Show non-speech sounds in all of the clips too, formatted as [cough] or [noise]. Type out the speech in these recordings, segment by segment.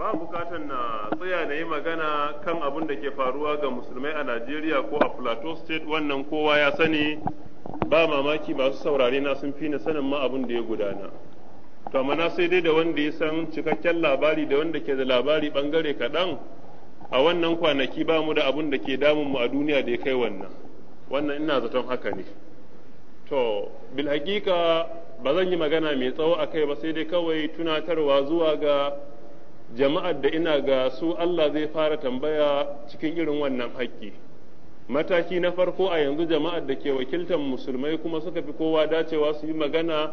ba bukatan na tsaya na yi magana kan abin da ke faruwa ga musulmai a Najeriya ko a Plateau State wannan kowa ya sani ba mamaki masu saurare na sun fi ni sanin ma abin da ya gudana. To amma na sai dai da wanda ya san cikakken labari da wanda ke da labari bangare kaɗan a wannan kwanaki ba mu da abin da ke damun mu a duniya da ya kai wannan. Wannan ina zaton haka ne. To, bil hakika ba zan yi magana mai tsawo a kai ba sai dai kawai tunatarwa zuwa ga jama'ar da ina ga su Allah zai fara tambaya cikin irin wannan haƙƙi mataki na farko a yanzu jama'ar da ke wakiltar musulmai kuma suka fi kowa dacewa su yi magana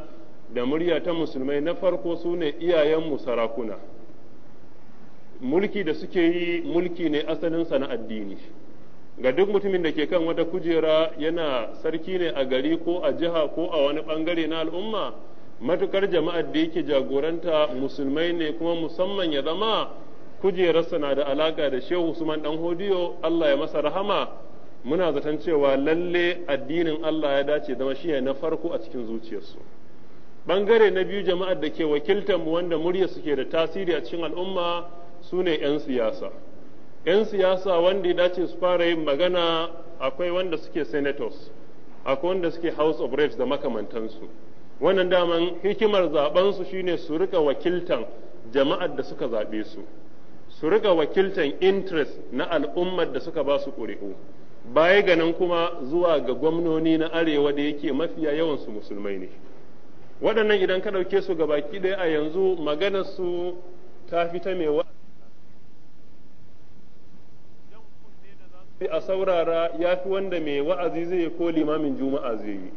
da murya ta musulmai na farko su ne iyayenmu sarakuna mulki da suke yi mulki ne asalinsa na addini ga duk mutumin da ke kan wata kujera yana sarki ne a gari ko a jiha ko a wani bangare na al'umma matukar jama'ar da yake jagoranta musulmai ne kuma musamman ya zama kujerarsa na da alaka da shehu usman dan hodiyo Allah ya masa rahama muna zaton cewa lalle addinin Allah ya dace zama shi na farko a cikin zuciyarsu bangare na biyu jama'ar da ke wakiltar mu wanda murya suke da tasiri a cikin al'umma su ne 'yan siyasa 'yan siyasa wanda ya dace su fara yin magana akwai wanda suke senators akwai wanda suke house of reps da makamantansu wannan daman hikimar zaben su shine su rika wakiltan jama'ar da suka zaɓe su su rika wakiltan interest na al'ummar da suka ba su ƙuri'u baya ga nan kuma zuwa ga gwamnoni na arewa da yake mafiya yawan su musulmai ne waɗannan idan ka ɗauke su gabaki ɗaya a yanzu maganar su ta fita mai wa a saurara ya fi wanda mai wa'azi zai ko limamin juma'a zai yi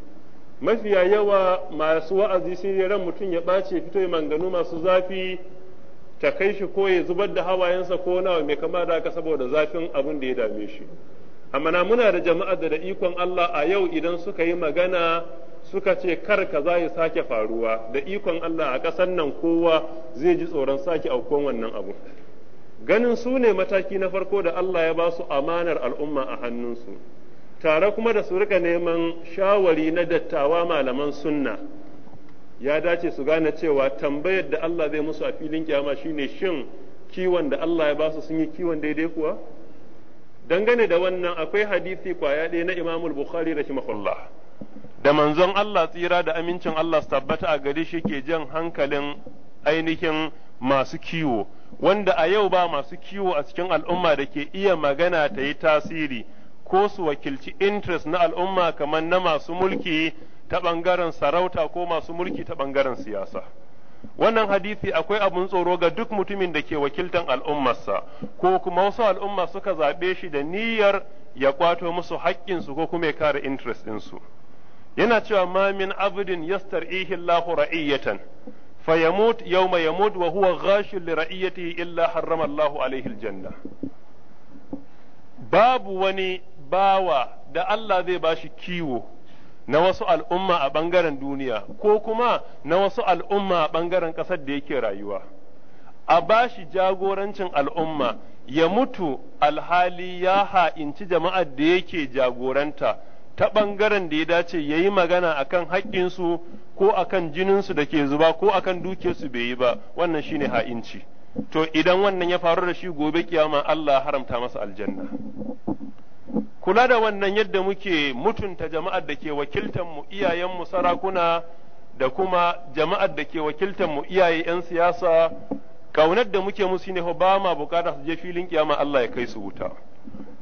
mafiya yawa masu wa'azi sai ne ran mutum ya ɓace fito manganu masu zafi ta kai shi ko ya zubar da hawayensa ko nawa mai kama da haka saboda zafin abin da ya dame shi amma na muna da jama'a da da ikon Allah a yau idan suka yi magana suka ce kar ka za ya sake faruwa da ikon Allah a ƙasar nan kowa zai ji tsoron sake aukuwan wannan abu ganin su ne mataki na farko da Allah ya ba su amanar al'umma a hannunsu tare kuma da su rika neman shawari na dattawa malaman sunna ya dace su gane cewa tambayar da Allah zai musu a filin kiyama shine shin kiwon da Allah ya basu sun yi kiwon daidai kuwa dangane da wannan akwai hadisi kwaya ɗaya na Imam Bukhari da rahimahullah da manzon Allah tsira da amincin Allah su tabbata a gari shi ke jan hankalin ainihin masu kiwo wanda a yau ba masu kiwo a cikin al'umma da ke iya magana ta yi tasiri ko su wakilci interest na al'umma kamar na masu mulki ta ɓangaren sarauta ko masu mulki ta ɓangaren siyasa. Wannan hadisi akwai abun tsoro ga duk mutumin da ke wakiltan al'ummarsa, ko kuma wasu al'umma suka zaɓe shi da niyyar ya kwato musu haƙƙinsu ko kuma ya kare interest ɗinsu. Yana cewa ma min abdin yastar'ihi ra'iyyatan ra'iyatan fa yamut yawma yamut wa huwa ghashil li ra'iyatihi illa harrama Allahu alaihi aljanna. Babu wani bawa da Allah zai bashi kiwo na wasu al'umma a ɓangaren duniya ko kuma na wasu al'umma a ɓangaren ƙasar da yake rayuwa a bashi jagorancin al'umma ya mutu alhali ya ha'inci jama'ar da yake jagoranta ta ɓangaren da ya dace ya yi magana a kan haƙƙinsu ko a kan jininsu da ke zuba ko a kan dukiyarsu bai yi ba wannan shine ha'inci to idan wannan ya faru da shi gobe kiyama Allah haramta masa aljanna kula da wannan yadda muke mutunta jama'ar da ke wakiltanmu iyayenmu sarakuna da kuma jama'ar da ke wakiltanmu iyaye 'yan siyasa kaunar da muke musu ne ba ma bukata su je filin kiyama Allah ya kai su wuta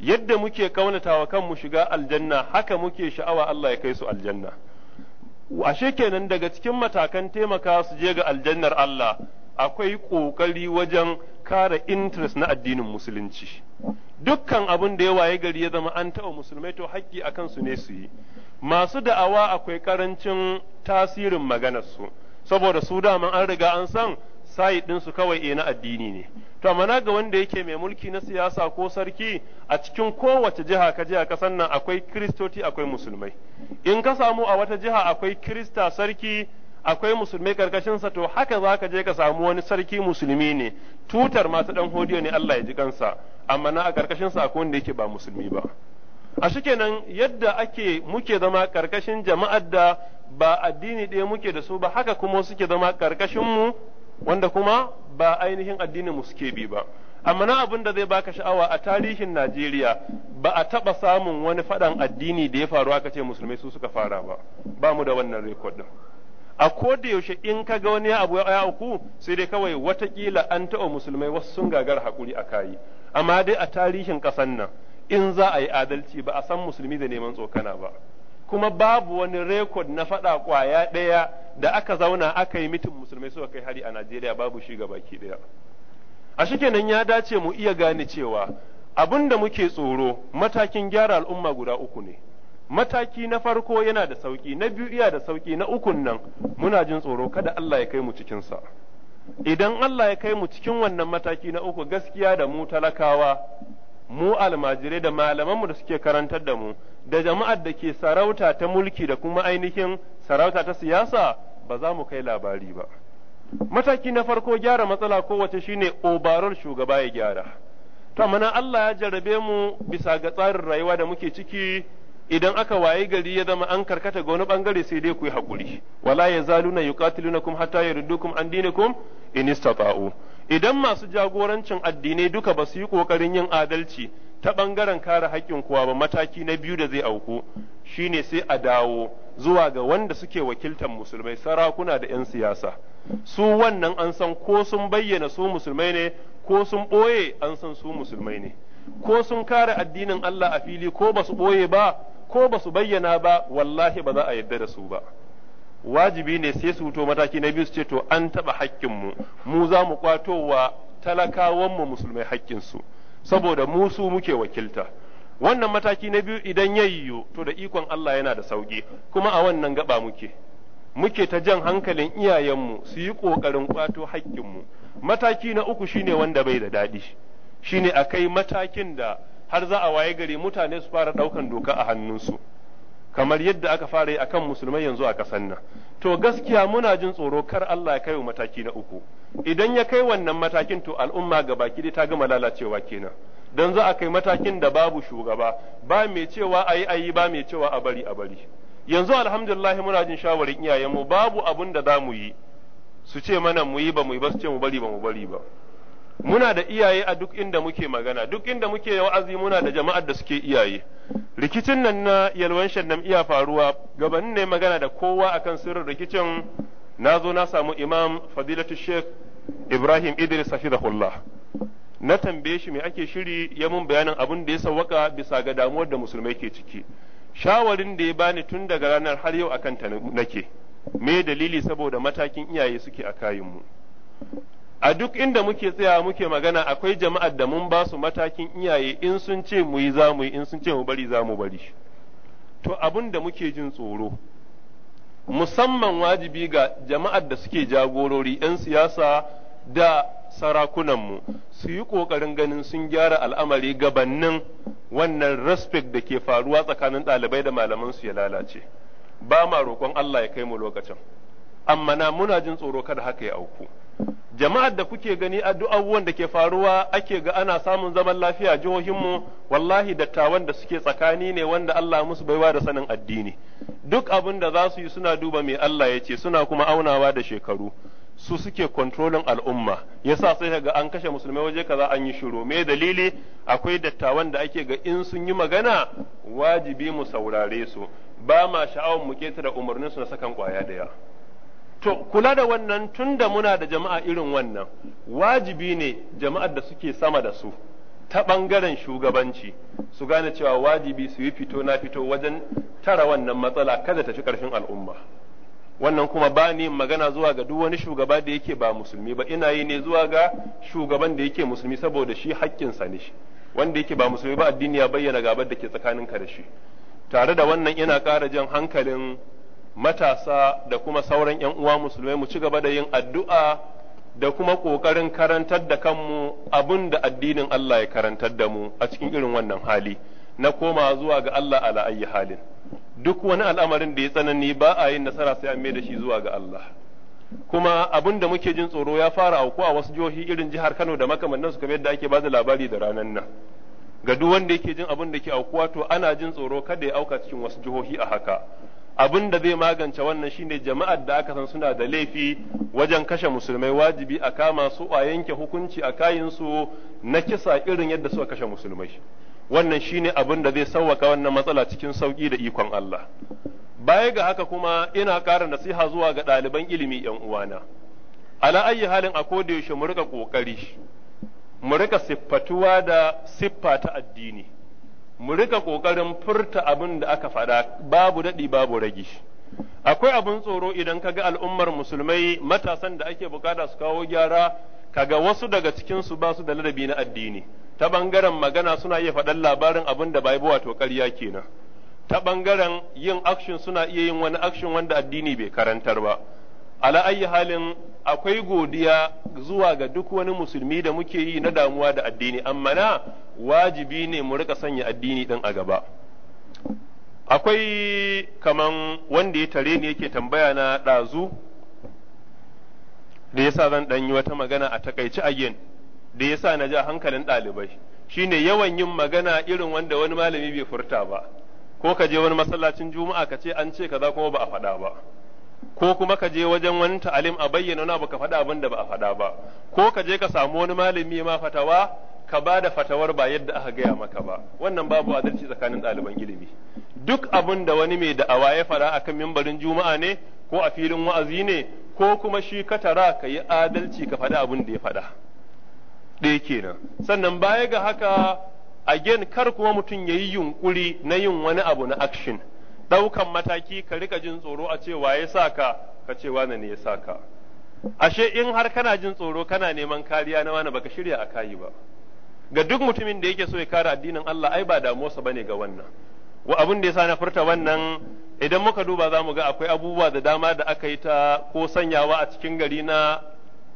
yadda muke kaunatawa kanmu shiga aljanna haka muke sha'awa Allah ya kai su aljanna ashe kenan daga cikin matakan taimaka su je ga aljannar Allah akwai ƙoƙari wajen kare interest na addinin musulunci dukkan abin da ya waye gari ya zama an taɓa musulmai to haƙƙi a kansu ne su yi masu da'awa akwai ƙarancin tasirin maganarsu saboda su dama an riga an san sayi ɗinsu kawai e na addini ne to mana ga wanda yake mai mulki na siyasa ko sarki a cikin kowace jiha ka jiha kasan nan akwai kiristoci akwai musulmai in ka samu a wata jiha akwai kirista sarki akwai musulmai sa to haka za ka je ka samu wani sarki musulmi ne tutar masu dan hodiyo ne Allah ya ji kansa amma na a karkashinsa akwai wanda yake ba musulmi ba a shikenan yadda ake muke zama karkashin jama'ar da ba addini ɗaya muke da su ba haka kuma suke zama karkashin mu wanda kuma ba ainihin addinin mu suke bi ba amma na abin da zai baka sha'awa a tarihin Najeriya ba a taba samun wani faɗan addini da ya faru aka ce musulmai su suka fara ba ba mu da wannan rekod din a ko da yaushe in ka ga wani abu ya uku sai dai kawai watakila an taɓa musulmai wasu sun gagar haƙuri a kayi amma dai a tarihin ƙasan nan in za a yi adalci ba a san musulmi da neman tsokana ba kuma babu wani rekod na faɗa ƙwaya ɗaya da aka zauna aka yi mitin musulmai suka kai hari a Najeriya babu shi baki ɗaya a nan ya dace mu iya gane cewa abin da muke tsoro matakin gyara al'umma guda uku ne mataki na farko yana da sauki na biyu iya da sauki na ukun nan muna jin tsoro kada Allah ya kai mu cikin sa idan Allah ya kai mu cikin wannan mataki na uku gaskiya da mu talakawa mu almajirai da malamanmu da suke karantar da mu da jama'ar da ke sarauta ta mulki da kuma ainihin sarauta ta siyasa ba za mu kai labari ba mataki na farko gyara matsala kowace shine obarar shugaba ya gyara to mana Allah ya jarrabe mu bisa ga tsarin rayuwa da muke ciki idan aka waye gari ya zama an karkata ga wani bangare sai dai ku yi hakuri wala ya yazaluna yuqatilunakum hatta yaruddukum an dinikum in istata'u idan masu jagorancin addinai duka ba su yi kokarin yin adalci ta bangaren kare haƙƙin kuwa ba mataki na biyu da zai auku shine sai a dawo zuwa ga wanda suke wakiltar musulmai sarakuna da 'yan siyasa su wannan an san ko sun bayyana su musulmai ne ko sun ɓoye an san su musulmai ne ko sun kare addinin Allah a fili ko ba su ɓoye ba ko ba su bayyana ba wallahi ba za a yarda da su ba wajibi ne sai su wuto mataki na biyu su ce to an taɓa haƙƙinmu mu mu za mu wa talakawan mu musulmai haƙƙinsu saboda mu su muke wakilta wannan mataki na biyu idan ya yiwu to da ikon Allah yana da sauƙi kuma a wannan gaba muke muke ta jan hankalin iyayenmu su yi ƙoƙarin ƙwato haƙƙinmu mataki na uku shine wanda bai da daɗi shine akai matakin da har za a waye gari mutane su fara ɗaukan doka a hannunsu kamar yadda aka fara yi akan musulmai yanzu a ƙasar nan to gaskiya muna jin tsoro kar Allah ya kaiwa mataki na uku idan ya kai wannan matakin to al'umma ga baki ta gama lalacewa kenan dan za a kai matakin da babu shugaba ba mai cewa ayi ayi ba mai cewa a bari a bari yanzu alhamdulillah muna jin shawarin iyayenmu babu abun da za mu yi su ce mana mu yi ba mu yi ba su ce mu bari ba mu bari ba muna da iyaye a duk inda muke magana duk inda muke wa'azi muna da jama'ar da suke iyaye rikicin nan na yalwan shannan iya faruwa gabanin ne magana da kowa akan sirrin rikicin na na samu imam fadilatu sheikh ibrahim idris hafizahullah na tambaye shi me ake shiri ya mun bayanin abin da ya sawwaka bisa ga damuwar da musulmai ke ciki shawarin da ya bani tun daga ranar har yau akan ta nake me dalili saboda matakin iyaye suke a kayinmu a duk inda muke tsaya muke magana akwai jama'ar da mun ba su matakin iyaye in sun ce mu yi za mu yi in sun ce mu bari za mu bari to abin da muke jin tsoro musamman wajibi ga jama'ar da suke jagorori 'yan siyasa da sarakunanmu su yi ƙoƙarin ganin sun gyara al'amari gabannin wannan respect da ke faruwa tsakanin ɗalibai da malamansu ya lalace ba ma roƙon Allah ya kai mu lokacin amma na muna jin tsoro kada haka ya auku jama'ar da kuke gani addu'awwan da ke faruwa ake ga ana samun zaman lafiya jihohinmu wallahi dattawan da suke tsakani ne wanda Allah musu baiwa da sanin addini duk abin da za su yi suna duba mai Allah ya ce suna kuma aunawa da shekaru su suke kontrolin al'umma yasa sai ga an kashe musulmai waje kaza an yi shiru me dalili akwai dattawan da ake ga in sun yi magana wajibi mu saurare su ba ma sha'awar mu da umarnin su na sakan kwaya daya To, kula da wannan tunda muna da jama'a irin wannan, wajibi ne jama'ar da suke sama da su ta ɓangaren shugabanci su gane cewa wajibi su yi fito na fito wajen tara wannan matsala kada ta fi ƙarfin al'umma. Wannan kuma ba ni magana zuwa ga duk wani shugaba da yake ba musulmi ba, ina yi ne zuwa ga shugaban da yake musulmi saboda shi haƙƙinsa ne shi, wanda yake ba musulmi ba addini ya bayyana gabar da ke tsakaninka da shi. Tare da wannan ina ƙara jan hankalin matasa da kuma sauran 'yan uwa musulmai mu ci gaba da yin addu'a da kuma ƙoƙarin karantar da kanmu abin da addinin Allah ya karantar da mu a cikin irin wannan hali na koma zuwa ga Allah ala ayi halin duk wani al'amarin da ya tsanani ba a yin nasara sai an mai da shi zuwa ga Allah kuma abin da muke jin tsoro ya fara auku a wasu jihohi irin jihar Kano da makamantan su kamar yadda ake ba labari da ranar nan ga duk wanda yake jin abin da ke aukuwa to ana jin tsoro kada ya auka cikin wasu jihohi a haka abin da zai magance wannan shine jama'ar da aka san suna da laifi wajen kashe musulmai wajibi a kama su a yanke hukunci a kayinsu na kisa irin yadda suka kashe musulmai wannan shine abin da zai sauwaka wannan matsala cikin sauki da ikon Allah baya ga haka kuma ina ƙara nasiha zuwa ga ɗaliban ilimi yan uwana ala ayi halin a koda yaushe mu rika ƙoƙari mu rika siffatuwa da siffa ta addini mu rika ƙoƙarin furta abin da aka faɗa babu daɗi babu ragi akwai abin tsoro idan ka ga al'ummar musulmai matasan da ake bukata su kawo gyara kaga wasu daga cikin su ba su da ladabi na addini ta bangaren magana suna iya faɗan labarin abin da bai wato ƙarya kenan ta bangaren yin action suna iya yin wani action wanda addini bai karantar ba ala ayi halin akwai godiya zuwa ga duk wani musulmi da muke yi na damuwa da addini amma na wajibi ne mu rika sanya addini din a gaba akwai kaman wanda ya tare ne yake tambaya na ɗazu da yasa zan dan yi wata magana a takaici ayyan da yasa na ja hankalin ɗalibai shine yawan yin magana irin wanda wani malami bai furta ba ko ka je wani masallacin juma'a ka ce an ce kaza kuma ba a faɗa ba ko kuma ka je wajen wani ta'alim a bayyana wani abu ka faɗa abin da ba a faɗa ba ko ka je ka samu wani malami ma fatawa ka ba da fatawar ba yadda aka gaya maka ba wannan babu adalci tsakanin ɗaliban ilimi duk abin da wani mai da'awa ya faɗa akan mimbarin juma'a ne ko a filin wa'azi ne ko kuma shi ka tara ka yi adalci ka faɗa abin da ya faɗa ɗaya kenan sannan baya ga haka a gen kar kuma mutum ya yi yunƙuri na yin wani abu na action Daukan mataki ka rika jin tsoro a ce waye sa ka ka ce wane ne ya sa ka ashe in har kana jin tsoro kana neman kariya na wani baka shirya a kayi ba ga duk mutumin da yake so ya kare addinin Allah ai ba da damuwarsa bane ga wannan wa abun da yasa na furta wannan idan muka duba za mu ga akwai abubuwa da dama da aka yi ta ko sanyawa a cikin gari na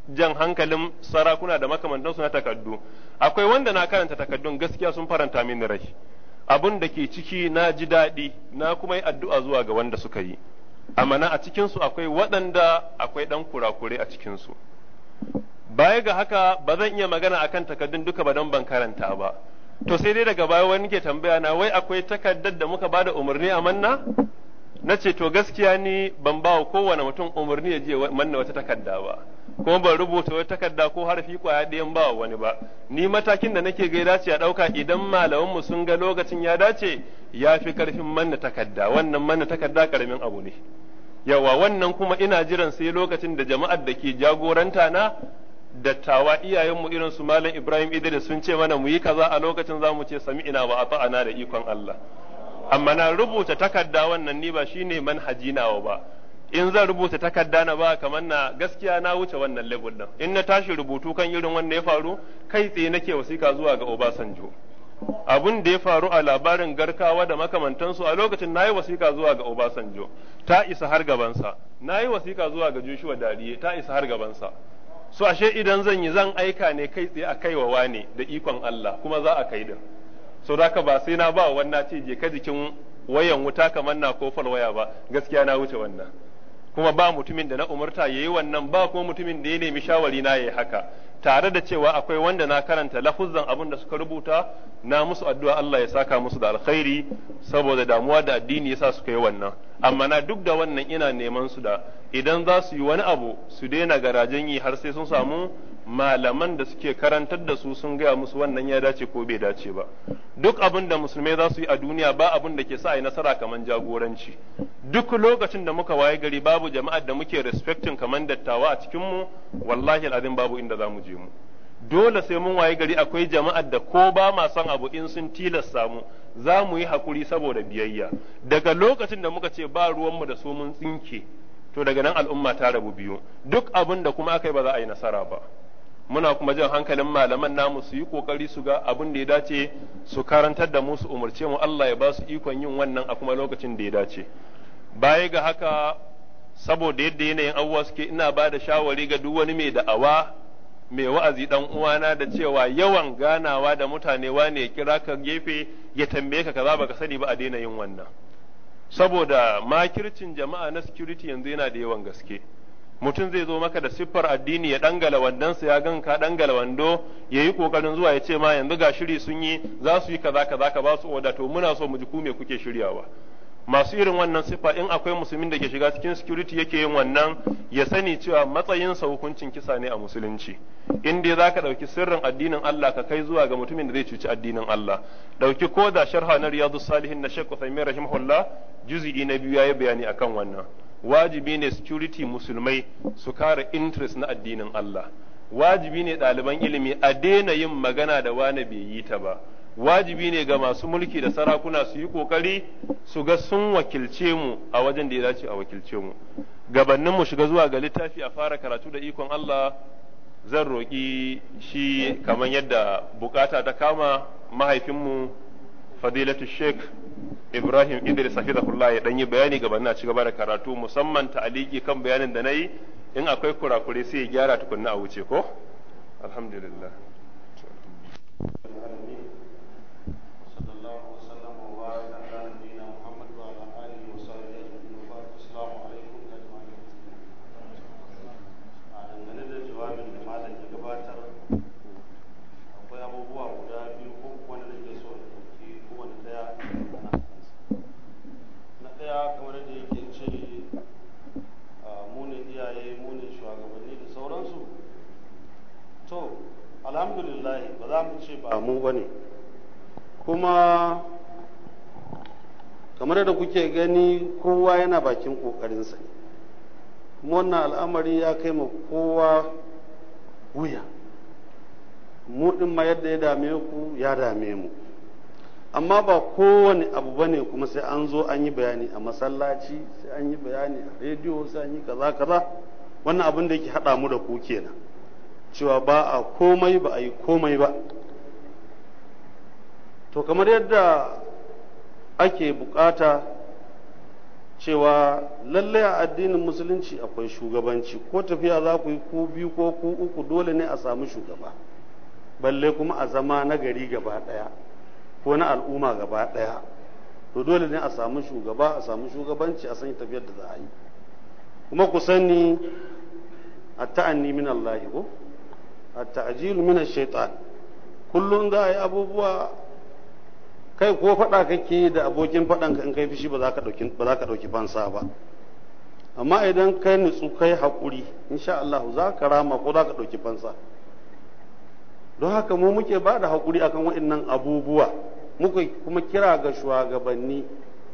jan hankalin sarakuna da makamantansu na takaddu akwai wanda na karanta takaddun gaskiya sun faranta mini rai Abun da ke ciki na ji daɗi na kuma yi addu'a zuwa ga wanda suka yi amana a cikinsu akwai waɗanda akwai ɗan kurakure a cikinsu baya ga haka ba zan iya magana a kan takardun duka ba don ban karanta ba to sai dai daga baya wani ke tambaya na wai akwai takardar da muka ba da umarni a manna na ce to gaskiya ni ban ba wa kowane mutum umarni ya je manna wata takarda ba kuma ban rubuta wata takarda ko harfi kwaya ɗayan ba wa wani ba ni matakin da nake ga dace a ɗauka idan malamanmu sun ga lokacin ya dace ya fi karfin manna takarda wannan manna takarda karamin abu ne yawa wannan kuma ina jiran sai lokacin da jama'ar da ke jagoranta na dattawa iyayenmu irin su malam Ibrahim Idris sun ce mana mu yi kaza a lokacin za mu ce sami ina ba a fa'ana da ikon Allah amma na rubuta takarda wannan ni ba shine manhaji nawa ba in zan rubuta takarda na ba kamar na gaskiya na wuce wannan level din in na tashi rubutu kan irin wanda ya faru kai tsaye nake wasika zuwa ga Obasanjo abun da ya faru a labarin garkawa da makamantansu a lokacin na yi wasika zuwa ga Obasanjo ta isa har gabansa na yi wasika zuwa ga Joshua Dariye ta isa har gabansa so ashe idan zan yi zan aika ne kai tsaye a kaiwa wane da ikon Allah kuma za a kai din so da ba sai na ba wannan ce je ka jikin wayan wuta kamar na kofar waya ba gaskiya na wuce wannan kuma ba mutumin da na umarta yayi wannan ba kuma mutumin da ya nemi shawari na yayi haka tare da cewa akwai wanda na karanta lafuzzan abin da suka rubuta na musu addu'a Allah ya saka musu da alkhairi saboda damuwa da addini yasa suka yi wannan amma na duk da wannan ina neman su da idan za su yi wani abu su daina garajen yi har sai sun samu malaman da suke karantar da su sun gaya musu wannan ya dace ko bai dace ba duk abin da musulmai za su yi a duniya ba abin da ke sa a yi nasara kamar jagoranci duk lokacin da muka waye gari babu jama'ar da muke respecting kamar dattawa a cikin mu wallahi al'adin babu inda za mu je mu dole sai mun waye gari akwai jama'ar da ko ba ma son abu in sun tilasta mu za mu yi haƙuri saboda biyayya daga lokacin da muka ce ba ruwanmu da su mun tsinke to daga nan al'umma ta rabu biyu duk abin da kuma aka yi ba za a yi nasara ba muna kuma jan hankalin malaman namu su yi kokari su ga abin da ya dace su karantar da mu su umarce mu Allah ya ba su ikon yin wannan a kuma lokacin da ya dace baya ga haka saboda yadda yanayin abubuwa suke ina ba da shawari ga duk wani mai da'awa mai wa'azi dan uwana da cewa yawan ganawa da mutane wane ya kira ka gefe ya tambaye ka kaza baka sani ba a daina yin wannan saboda makircin jama'a na security yanzu yana da yawan gaske mutum zai zo maka da siffar addini ya dangala wandonsa ya gan ka dangala wando ya yi kokarin zuwa ya ce ma yanzu ga shiri sun yi za su yi kaza kaza ka ba su oda to muna so mu ji ku me kuke shiryawa masu irin wannan siffa in akwai musulmin da ke shiga cikin security yake yin wannan ya sani cewa matsayinsa hukuncin kisa ne a musulunci in dai ka ɗauki sirrin addinin Allah ka kai zuwa ga mutumin da zai cuci addinin Allah ɗauki ko da sharha na riyadu salihin na shekku saimiyar rahimahullah juzi'i na biyu ya yi bayani akan wannan wajibi ne security musulmai su kare interest na addinin Allah wajibi ne ɗaliban ilimi a daina yin magana da wani bai yi ta ba wajibi ne ga masu mulki da sarakuna su yi kokari su ga sun wakilce mu a wajen da ya dace a wakilce mu gabanin mu shiga zuwa ga littafi a fara karatu da ikon Allah zan roƙi shi kamar yadda bukata ta kama mahaifinmu fadilatu sheikh ibrahim idris hafizahullah ya yi bayani gabanin a ci gaba da karatu musamman ta'aliki kan bayanin da na yi in akwai kurakure sai ya gyara tukunna a wuce ko alhamdulillah za mu ce ba mu ba kuma kamar da kuke gani kowa yana bakin ƙoƙarinsa ne kuma wannan al'amari ya kai ma kowa wuya mu ma yadda ya dame ku ya dame mu amma ba kowane abu bane kuma sai an zo an yi bayani a masallaci sai an yi bayani a rediyo sai an yi kaza kaza wannan abin da yake haɗa mu da ku kenan cewa ba a komai ba a yi komai ba to kamar yadda ake bukata cewa lallai a addinin musulunci akwai shugabanci ko tafiya za ku yi ku biyu ko ku uku dole ne a samu shugaba balle kuma a zama na gari gaba ɗaya ko na al'umma gaba ɗaya to dole ne a samu shugaba a samu shugabanci a san tafiyar da za a yi kuma ku sani a ta'anni min Allah ko A tajil min ash kullum za yi abubuwa kai ko faɗa kake da abokin faɗanka in kai fushi ba za ka ɗauki ba za ka ɗauki fansa ba amma idan kai nutsu kai haƙuri insha Allah za ka rama ko za ka ɗauki fansa don haka mu muke ba da haƙuri akan waɗannan abubuwa muka kuma kira ga shugabanni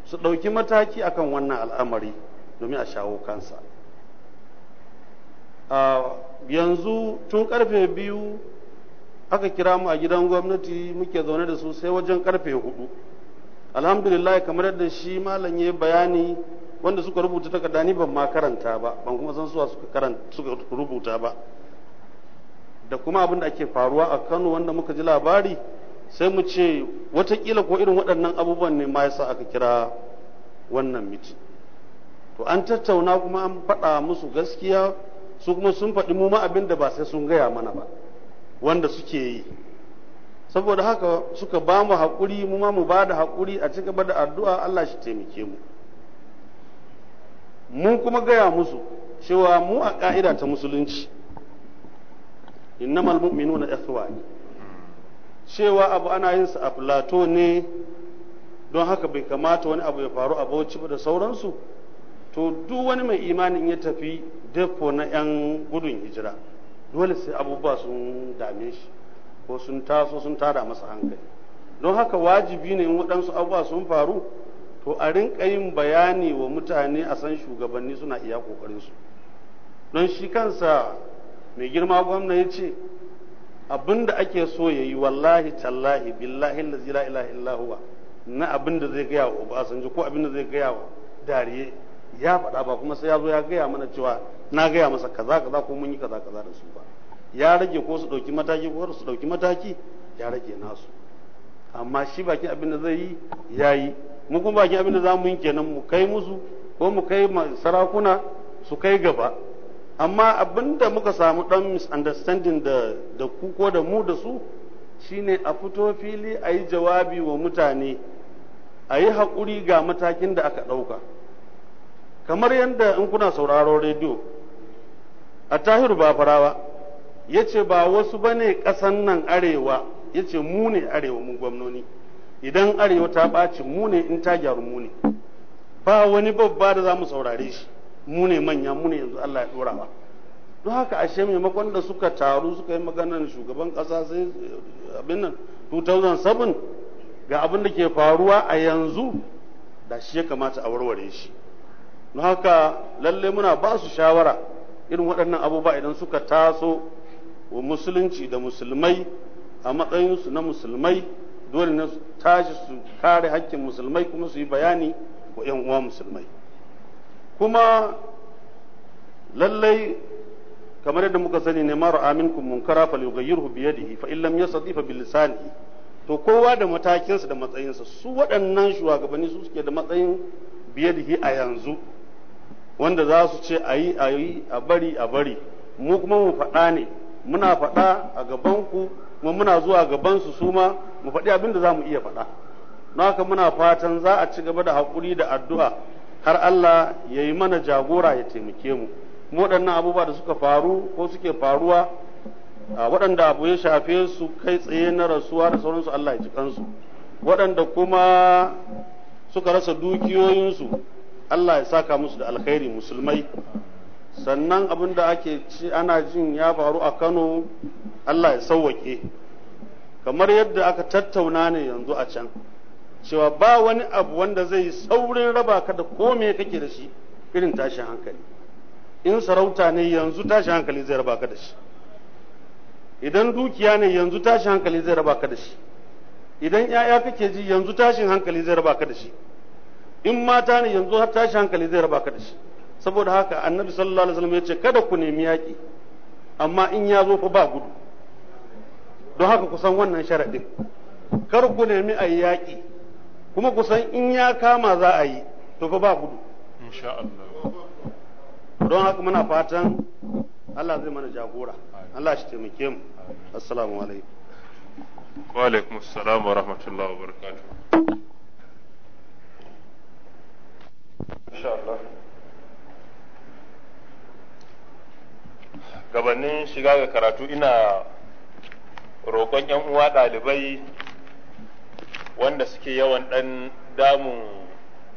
su ɗauki mataki akan wannan al'amari domin a shawo kansa yanzu tun karfe biyu aka kira mu a gidan gwamnati muke zaune da su sai wajen karfe hudu alhamdulillah kamar yadda shi malam ya bayani wanda suka rubuta takarda ni ban ma karanta ba ban kuma san suwa suka suka rubuta ba da kuma abin da ake faruwa a Kano wanda muka ji labari sai mu ce watakila ko irin waɗannan abubuwan ne ma yasa aka kira wannan miti to an tattauna kuma an faɗa musu gaskiya su kuma sun faɗi mu ma abin da ba sai sun gaya mana ba wanda suke yi saboda haka suka ba mu haƙuri mu ma mu ba da haƙuri a ci gaba da addu'a Allah shi taimake mu mun kuma gaya musu cewa mu a ƙa'ida ta musulunci innamal mu'minuna ikhwani cewa abu ana yin su a plato ne don haka bai kamata wani abu ya faru a bauchi da sauransu to duk wani mai imanin ya tafi depo na 'yan gudun hijira dole sai abubuwa sun dame shi ko sun taso sun tara masa hankali don haka wajibi ne in waɗansu abubuwa sun faru to a rinka yin bayani wa mutane a san shugabanni suna iya ƙoƙarinsu don shi kansa mai girma gwamna ya ce abin da ake so ya yi wallahi tallahi billahi la ilaha illa na abin da zai gaya wa obasanjo ko abin da zai gaya wa dariye ya faɗa ba kuma sai ya zo ya gaya mana cewa na gaya masa kaza kaza ko mun yi kaza kaza da su ba ya rage ko su ɗauki mataki ko su ɗauki mataki ya rage nasu amma shi bakin abin da zai yi ya yi mu kuma bakin abin da za mu yi kenan mu kai musu ko mu kai sarakuna su kai gaba amma abin da muka samu dan misunderstanding da da ku ko da mu da su shine a fito fili a yi jawabi wa mutane a yi haƙuri ga matakin da aka ɗauka kamar yadda in kuna sauraro rediyo a tahiru ba farawa ya ce ba wasu ba ne ƙasan nan arewa ya ce mu ne arewa mu gwamnoni idan arewa ta ɓaci mu ne in ta gyaru mu ne ba wani babba da za mu saurare shi mu ne manya mu ne yanzu Allah ya ɗora don haka ashe maimakon da suka taru suka yi maganar shugaban ƙasa sai eh, abin nan 2007 ga abin da ke faruwa a yanzu da shi ya kamata a warware shi don haka lalle muna ba su shawara irin waɗannan abubuwa idan suka taso wa musulunci da musulmai a matsayinsu na musulmai dole ne su tashi su kare hakkin musulmai kuma su yi bayani wa 'yan uwa musulmai kuma lallai kamar yadda muka sani ne mara aminkum munkara fal yughayyirhu bi yadihi fa illam yastati fa bil to kowa da matakinsa da matsayinsa su waɗannan shugabanni su suke da matsayin biyadihi a yanzu wanda za su ce a yi a yi a bari a bari mu kuma mu faɗa ne muna faɗa a gabanku kuma muna zuwa gabansu su ma mu faɗi abin da za mu iya faɗa don haka muna fatan za a ci gaba da haƙuri da addu'a har Allah ya yi mana jagora ya taimake mu mu waɗannan abubuwa da suka faru ko suke faruwa waɗanda abu ya shafe su kai tsaye na rasuwa da sauransu Allah ya ci kansu waɗanda kuma suka rasa dukiyoyinsu Allah ya saka musu da alkhairi musulmai sannan abin da ake ci ana jin ya faru a Kano Allah ya sauwake kamar yadda aka tattauna ne yanzu a can cewa ba wani abu wanda zai saurin raba ka da kome kake da shi irin tashin hankali in sarauta ne yanzu tashin hankali zai raba ka da shi idan dukiya ne yanzu tashin hankali zai raba ka da shi idan 'ya'ya kake ji yanzu tashin hankali zai raba ka da shi in mata ne yanzu har tashi hankali zai raba ka da shi saboda haka annabi sallallahu alaihi wasallam ya ce kada ku nemi yaƙi amma in ya zo fa ba gudu don haka kusan wannan sharaɗin kar ku nemi a yaƙi kuma kusan in ya kama za a yi to fa ba gudu insha Allah don haka muna fatan Allah zai mana jagora Allah shi taimake mu assalamu alaikum wa alaikum assalam wa rahmatullahi wa barakatuh inshallah gabanin shiga ga karatu ina roƙon ‘yan uwa ɗalibai wanda suke yawan ɗan damu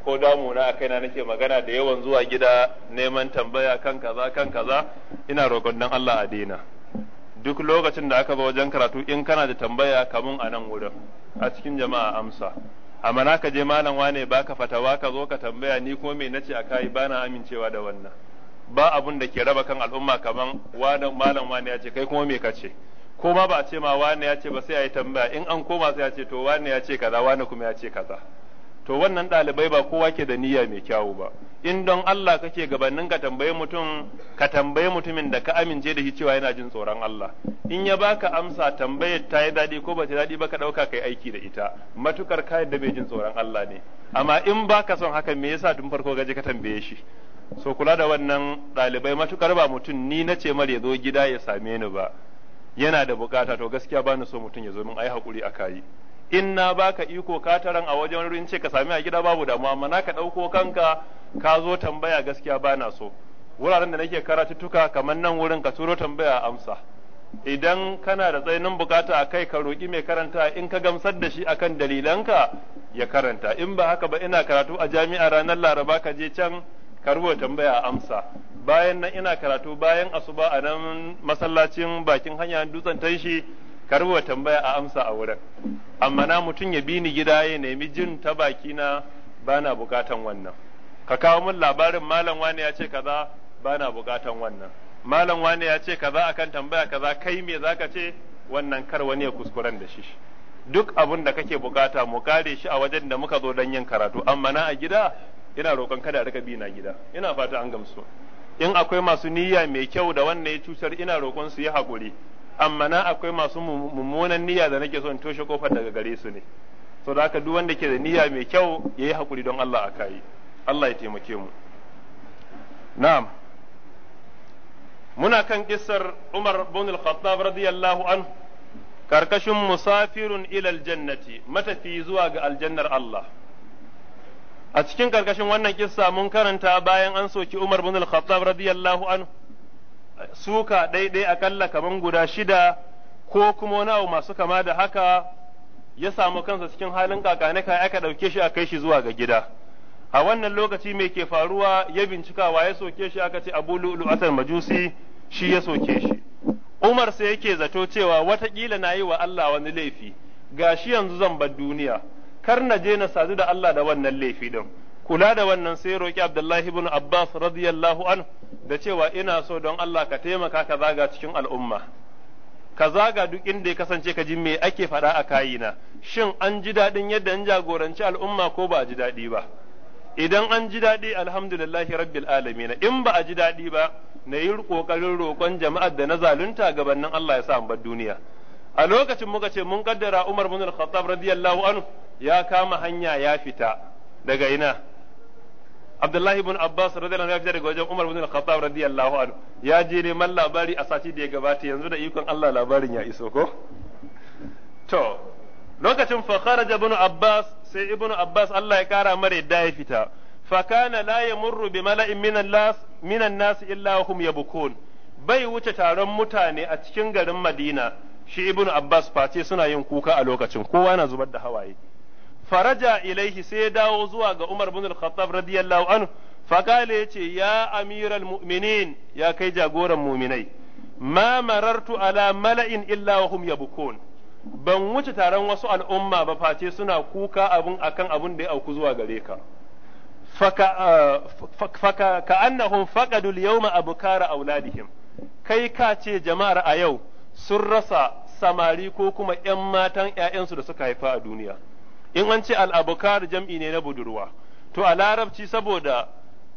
ko damuna a kaina nake magana da yawan zuwa gida neman tambaya kan kaza kan kaza ina roƙon dan Allah a daina duk lokacin da aka ba wajen karatu in kana da tambaya kamun a nan wurin a cikin jama'a amsa amma na ka je malam wane baka fatawa ka zo ka tambaya ni ko me nace a kai na amincewa da wannan ba abun da ke raba kan al'umma kaman wane malam wane ya ce kai kuma me kace ko ma ba a ce ma wane ya ce ba sai a yi tambaya in an koma sai a ce to wane ya ce kaza wane kuma ya ce kaza to wannan ɗalibai ba kowa ke da niyya mai kyawu ba in don Allah kake gabanin ka tambaye mutum ka tambaye mutumin da ka amince da shi cewa yana jin tsoron Allah in ya baka amsa tambayar ta yi daɗi ko ba ta daɗi ba ka ɗauka kai aiki da ita matukar ka da bai jin tsoron Allah ne amma in baka son haka me yasa tun farko gaje ka tambaye shi so kula da wannan ɗalibai matukar ba mutum ni na ce mare zo gida ya same ni ba yana da bukata to gaskiya bani so mutum ya zo min ayi hakuri a kayi in na baka iko ka taran a wajen wurin ce ka sami a gida babu damuwa amma na ka ɗauko kanka ka zo tambaya gaskiya ba na so wuraren da nake karatuttuka kamar nan wurin ka turo tambaya amsa idan kana da tsayinin bukata a kai ka roƙi mai karanta in ka gamsar da shi akan dalilanka ya karanta in ba haka ba ina karatu a jami'a ranar laraba ka je can ka rubuta tambaya amsa bayan nan ina karatu bayan asuba a nan masallacin bakin hanya dutsen tanshi karwa tambaya a amsa a wurin amma na mutum ya bi ni gida ya nemi jin ta baki na bana bukatan wannan ka kawo min labarin malam wani ya ce kaza bana bukatan wannan malam wani ya ce kaza akan tambaya kaza kai me zaka ce wannan kar wani ya kuskuren da shi duk abin da kake bukata mu kare shi a wajen da muka zo don yin karatu amma na a gida ina roƙon kada a rika bi na gida ina fata an gamsu in akwai masu niyya mai kyau da wannan ya cutar ina roƙon su yi haƙuri amma na akwai masu mummunan niyya da nake so in toshe kofar daga gare su ne so da haka duk wanda ke da niyya mai kyau ya yi hakuri don Allah a kayi Allah ya taimake mu na'am muna kan kissar Umar bin Al-Khattab radiyallahu anhu karkashin musafirun ilal jannati matafi zuwa ga aljannar Allah a cikin karkashin wannan kissa mun karanta bayan an soki Umar bin Al-Khattab radiyallahu anhu suka ɗaiɗai akalla kaman guda shida ko kuma wani abu masu kama da haka ya samu kansa cikin halin kai aka ɗauke shi a kai shi zuwa ga gida a wannan lokaci mai ke faruwa ya bincikawa ya soke shi aka ce abu lu'lu'atar majusi shi ya soke shi umar sai yake zato cewa watakila na yi wa Allah wani laifi gashi yanzu zan bar duniya kar na je na sadu da Allah da wannan laifi din kula da wannan sai roƙi Abdullahi ibn Abbas radiyallahu anhu da cewa ina so don Allah ka taimaka ka zaga cikin al'umma ka zaga duk inda ya kasance ka ji me ake faɗa a kayina shin an ji daɗin yadda an jagoranci al'umma ko ba a ji daɗi ba idan an ji daɗi alhamdulillahi rabbil alamin in ba a ji daɗi ba na yi ƙoƙarin roƙon jama'ar da na zalunta gabanin Allah ya sa bar duniya a lokacin muka ce mun kaddara Umar ibn Al-Khattab radiyallahu anhu ya kama hanya ya fita daga ina Abdullahi bin Abbas radiyallahu anhu ya fita daga wajen Umar ibn Khattab radiyallahu anhu ya je neman labari a sati da ya gabata yanzu da ikon Allah labarin ya iso ko to lokacin fa kharaja bin Abbas sai ibnu Abbas Allah ya kara mare da ya fita fa kana la yamurru bi mala'in minan nas minan nas illa hum yabkun bai wuce taron mutane a cikin garin Madina shi ibnu Abbas face suna yin kuka a lokacin kowa na zubar da hawaye faraja ilaihi sai ya dawo zuwa ga Umar bin Al-Khattab radiyallahu anhu fakale yace ya amiral mu'minin ya kai jagoran mu'minai ma marartu ala mala'in illa wa hum yabkun ban wuce taron wasu al'umma ba face suna kuka abun akan abun da ya auku zuwa gare ka faka ka annahum faqadul yawma abukara auladihim kai ka ce jama'ar a yau sun rasa samari ko kuma ‘yan matan ‘ya'yansu da suka haifa a duniya. in an ce al'abukar jam'i ne na budurwa to a larabci saboda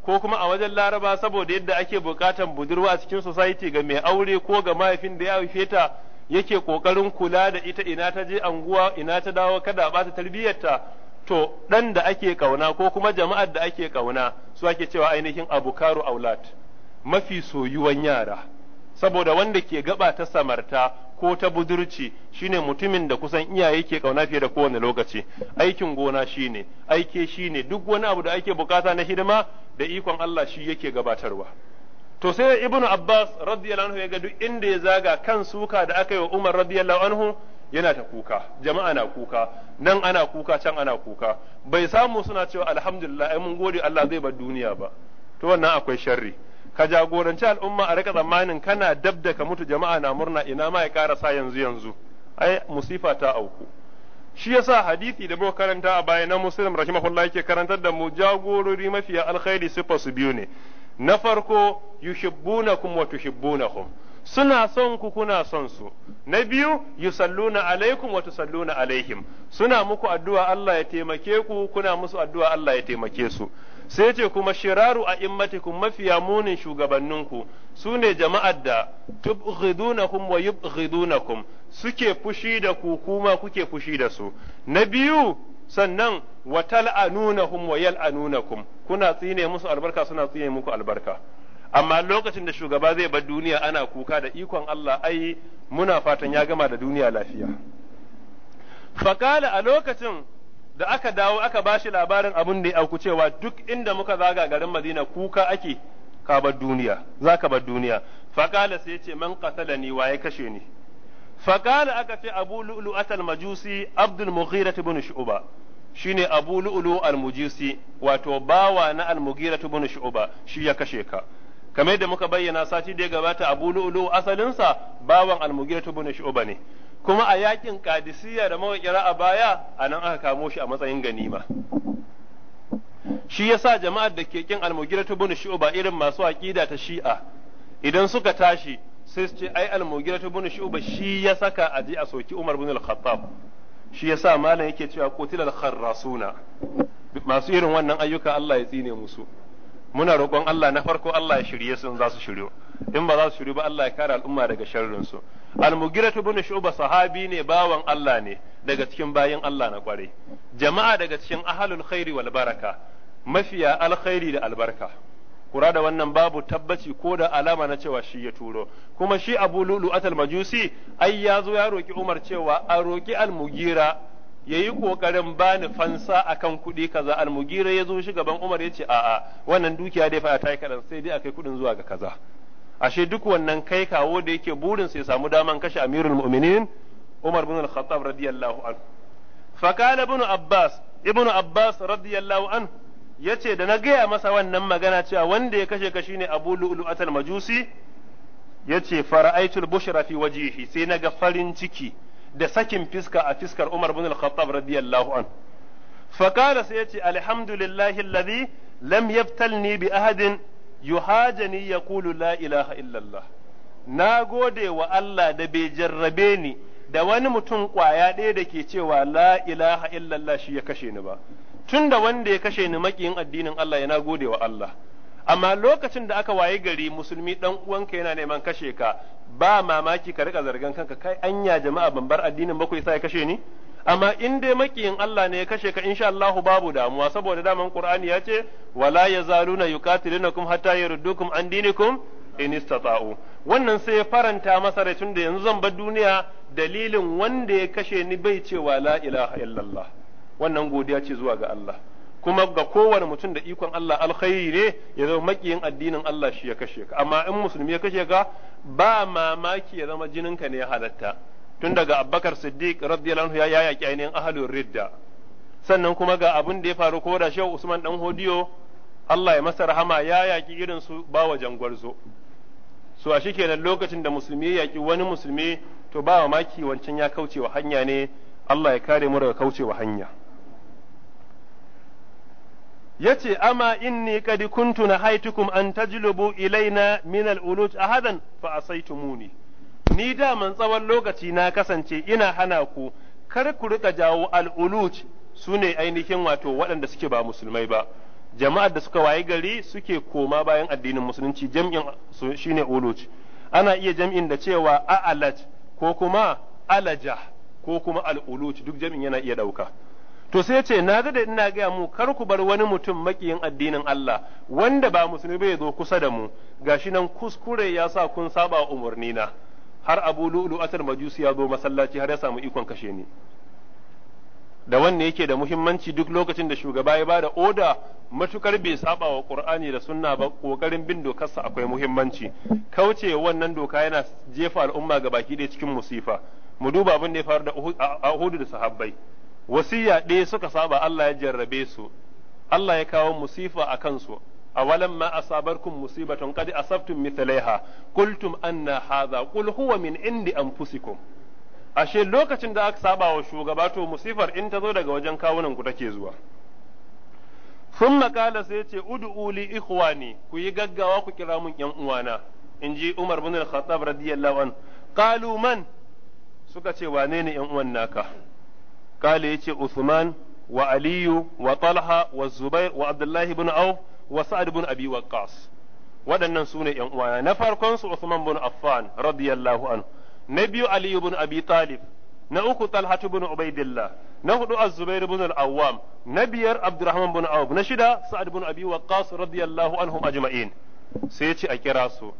ko kuma a wajen laraba saboda yadda ake bukatan budurwa a cikin society ga mai aure ko ga mahaifin da ya haife ta yake kokarin kula da ita ina ta je anguwa ina ta dawo kada ba ta tarbiyyarta to ɗan da ake ƙauna ko kuma jama'ar da ake ƙauna su ake cewa ainihin abukaru aulat mafi soyuwan yara saboda wanda ke gaba ta samarta ko ta budurci shine mutumin da kusan iyaye ke kauna fiye da kowane lokaci aikin gona shine aike shine duk wani abu da ake bukata na hidima da ikon Allah shi yake gabatarwa to sai ibnu abbas radiyallahu anhu ya ga duk inda ya zaga kan suka da aka yi wa umar radiyallahu anhu yana ta kuka jama'a na kuka nan ana kuka can ana kuka bai samu suna cewa alhamdulillah ai mun gode Allah zai bar duniya ba to wannan akwai sharri ka jagoranci al'umma a rika tsammanin kana dab da ka mutu jama'a na murna ina ma ya karasa yanzu yanzu ai musifa ta auku shi yasa hadisi da muka karanta a baya na muslim rahimahullah yake karantar da mu jagorori mafiya alkhairi sifa su biyu ne na farko yushibbunakum wa tuhibbunahum suna son ku kuna son su na biyu yusalluna alaikum wa tusalluna alaihim suna muku addu'a Allah ya taimake ku kuna musu addu'a Allah ya taimake su sai ce kuma shiraru a immatikum mafiya munin shugabanninku su ne jama'ar da tubghidunakum wa yubghidunakum suke fushi da ku kuma kuke fushi da su na biyu sannan wa tal'anunahum wa yal'anunakum kuna tsine musu albarka suna tsine muku albarka amma lokacin da shugaba zai bar duniya ana kuka da ikon Allah ai muna fatan ya gama da duniya lafiya faqala a lokacin da aka dawo aka bashi labarin abin da ya auku cewa duk inda muka zaga garin Madina kuka ake ka duniya za ka bar duniya fakala sai yace man qatalani wa ya kashe ni fakala aka ce Abu Lu'lu atal Majusi Abdul Mughira ibn Shu'ba shine Abu Lu'lu al-Majusi wato bawa na al-Mughira ibn Shu'ba shi ya kashe ka kamar yadda muka bayyana sati da ya gabata Abu Lu'lu asalinsa bawan Al-Mughirah Shu'ba ne kuma a yakin kadisiya da muka a baya anan aka kamo shi a matsayin ganima shi yasa jama'ar da ke kin Al-Mughirah Shu'ba irin masu aqida ta Shi'a idan suka tashi sai su ce ai Al-Mughirah ibn Shu'ba shi ya saka a ji a soki Umar bin Al-Khattab shi yasa malam yake cewa qutilal kharrasuna masu irin wannan ayyuka Allah ya tsine musu muna roƙon Allah na farko Allah ya shirye su za su shiryo in ba za su shiryo ba Allah ya kare al'umma daga sharrin su al-mugiratu bin shuba sahabi ne bawan Allah ne daga cikin bayin Allah na kware jama'a daga cikin ahlul khairi wal baraka mafiya alkhairi da albarka kura da wannan babu tabbaci ko da alama na cewa shi ya turo kuma shi abu lulu atal majusi ai ya zo ya roki umar cewa a roki al-mugira ya yayi kokarin bani fansa akan kuɗi kaza almugira ya zo shi gaban Umar ya ce a'a wannan dukiya dai fa ta yi kaɗan sai dai akai kuɗin zuwa ga kaza ashe duk wannan kai kawo da yake burin sai samu daman kashe Amirul Mu'minin Umar bin Al-Khattab radiyallahu anhu kana ibn Abbas Ibn Abbas radiyallahu an yace da na gaya masa wannan magana cewa wanda ya kashe kashi ne Abu Lu'lu'atul Majusi yace fara'aitul bushra fi wajhihi sai naga farin ciki da sakin fiska a fiskar Umar bin Al-Khattab radiyallahu an faqala sai yace alhamdulillahi alladhi lam yaftalni bi ahadin yuhajani yaqulu la ilaha illallah na gode wa Allah da bai jarrabe ni da wani mutum kwaya ɗaya da ke cewa la ilaha illallah shi ya kashe ni ba tunda wanda ya kashe ni makiyin addinin Allah ya na gode wa Allah amma lokacin da aka waye gari musulmi dan uwanka yana neman kashe ka ba mamaki ka rika zargan kanka kai anya jama'a ban bar addinin bakwai sai ya kashe ni amma in dai makiyin Allah ne ya kashe ka insha Allah babu damuwa saboda daman Qur'ani ya ce wala yazaluna yuqatilunakum hatta yurdukum an dinikum in istata'u wannan sai ya faranta masa rai tunda yanzu zan bar duniya dalilin wanda ya kashe ni bai cewa la ilaha illallah wannan godiya ce zuwa ga Allah kuma ga kowane mutum da ikon Allah alkhairi ne ya zama makiyin addinin Allah shi ya kashe ka amma in musulmi ya kashe ka ba mamaki ya zama jinin ka ne ya halatta tun daga Abubakar Siddiq radiyallahu anhu ya yaki ainihin ahlul ridda sannan kuma ga abin da ya faru ko da Shehu Usman dan Hodiyo Allah ya masa rahama ya yaki irin su ba wajen gwarzo so a shikenan lokacin da musulmi ya yaki wani musulmi to ba mamaki wancan ya kaucewa hanya ne Allah ya kare mu daga kaucewa hanya yace ama inni qad kuntu na haitukum an tajlubu ilaina min al’uluj a ahadan fa asaitumuni ni da daman tsawon lokaci na kasance ina hana ku kar ku rika jawo al su sune ainihin wato waɗanda suke ba musulmai ba jama'ar da suka wayi gari suke koma bayan addinin musulunci jam'in su shine uluj ana iya jam'in da cewa a'alaj ko kuma alaja ko kuma al’uluj duk jam'in yana iya ɗauka to sai ce na ga da ina gaya mu kar ku bar wani mutum makiyin addinin Allah wanda ba musulmi bai zo kusa da mu gashi nan kuskure ya sa kun saba umarni na har Abu Lu'lu asar Majusi ya zo masallaci har ya samu ikon kashe ni da wanne yake da muhimmanci duk lokacin da shugaba ya bada oda matukar bai saba wa Qur'ani da sunna ba kokarin bin dokarsa akwai muhimmanci kauce wannan doka yana jefa al'umma ga baki ɗaya cikin musifa mu duba abin da ya faru da Uhud da sahabbai wasiya ɗaya suka saba Allah ya jarrabe su Allah ya kawo musifa a kansu a walan tun أصابتكم a قد أصبتم مثليها قلتم أن هذا قل هو min عند أنفسكم ashe lokacin da aka saba wa shugaba to musifar in ta zo daga wajen kawunan ku take zuwa thumma qala sai yace ud'u li ikhwani ku yi gaggawa ku kira mun yan uwana inji Umar bin Al-Khattab radiyallahu an qalu man suka ce wane ne yan uwan naka قال يتي عثمان وعلي وطلحة والزبير وعبد الله بن عوف وسعد بن أبي وقاص waɗannan su ne ‘yan uwana na farkon su Usman bin Affan radiyallahu anhu na biyu Aliyu bin Abi Talib na uku Talhatu bin Ubaidillah na hudu Az-Zubair bin Al-Awwam na biyar Abdurrahman bin Awf na shida Sa'ad bin Abi Waqqas radiyallahu anhum ajma'in sai ce a kira su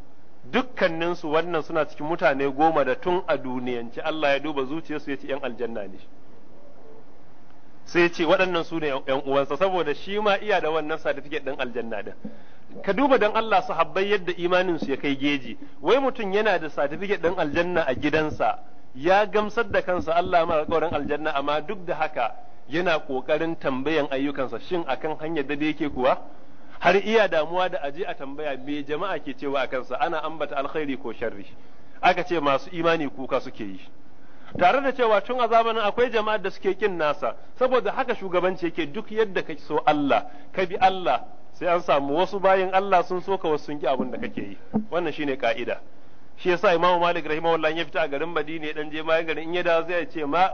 dukkanin su wannan suna cikin mutane goma da tun a duniyanci Allah ya duba zuciyarsu ya ce ‘yan aljanna ne sai ce waɗannan su ne ‘yan uwansa saboda shi ma iya da wannan certificate ɗin aljanna ɗin. Ka duba don Allah sahabbai yadda imanin su ya kai geji, wai mutum yana da certificate ɗin aljanna a gidansa ya gamsar da kansa Allah ma kauran aljanna amma duk da haka yana ƙoƙarin tambayan ayyukansa shin akan hanyar da yake kuwa? Har iya damuwa da aje a tambaya me jama'a ke cewa a kansa ana ambata alkhairi ko sharri. Aka ce masu imani kuka suke yi. tare da cewa tun a zamanin akwai jama'ar da suke kin nasa saboda haka shugabanci yake duk yadda ka so Allah ka bi Allah sai an samu wasu bayin Allah sun so ka wasu sun ki abin da kake yi wannan shine ka'ida shi yasa Imam Malik rahimahullah ya fita a garin Madina dan je bayan garin in ya dawo zai ce ma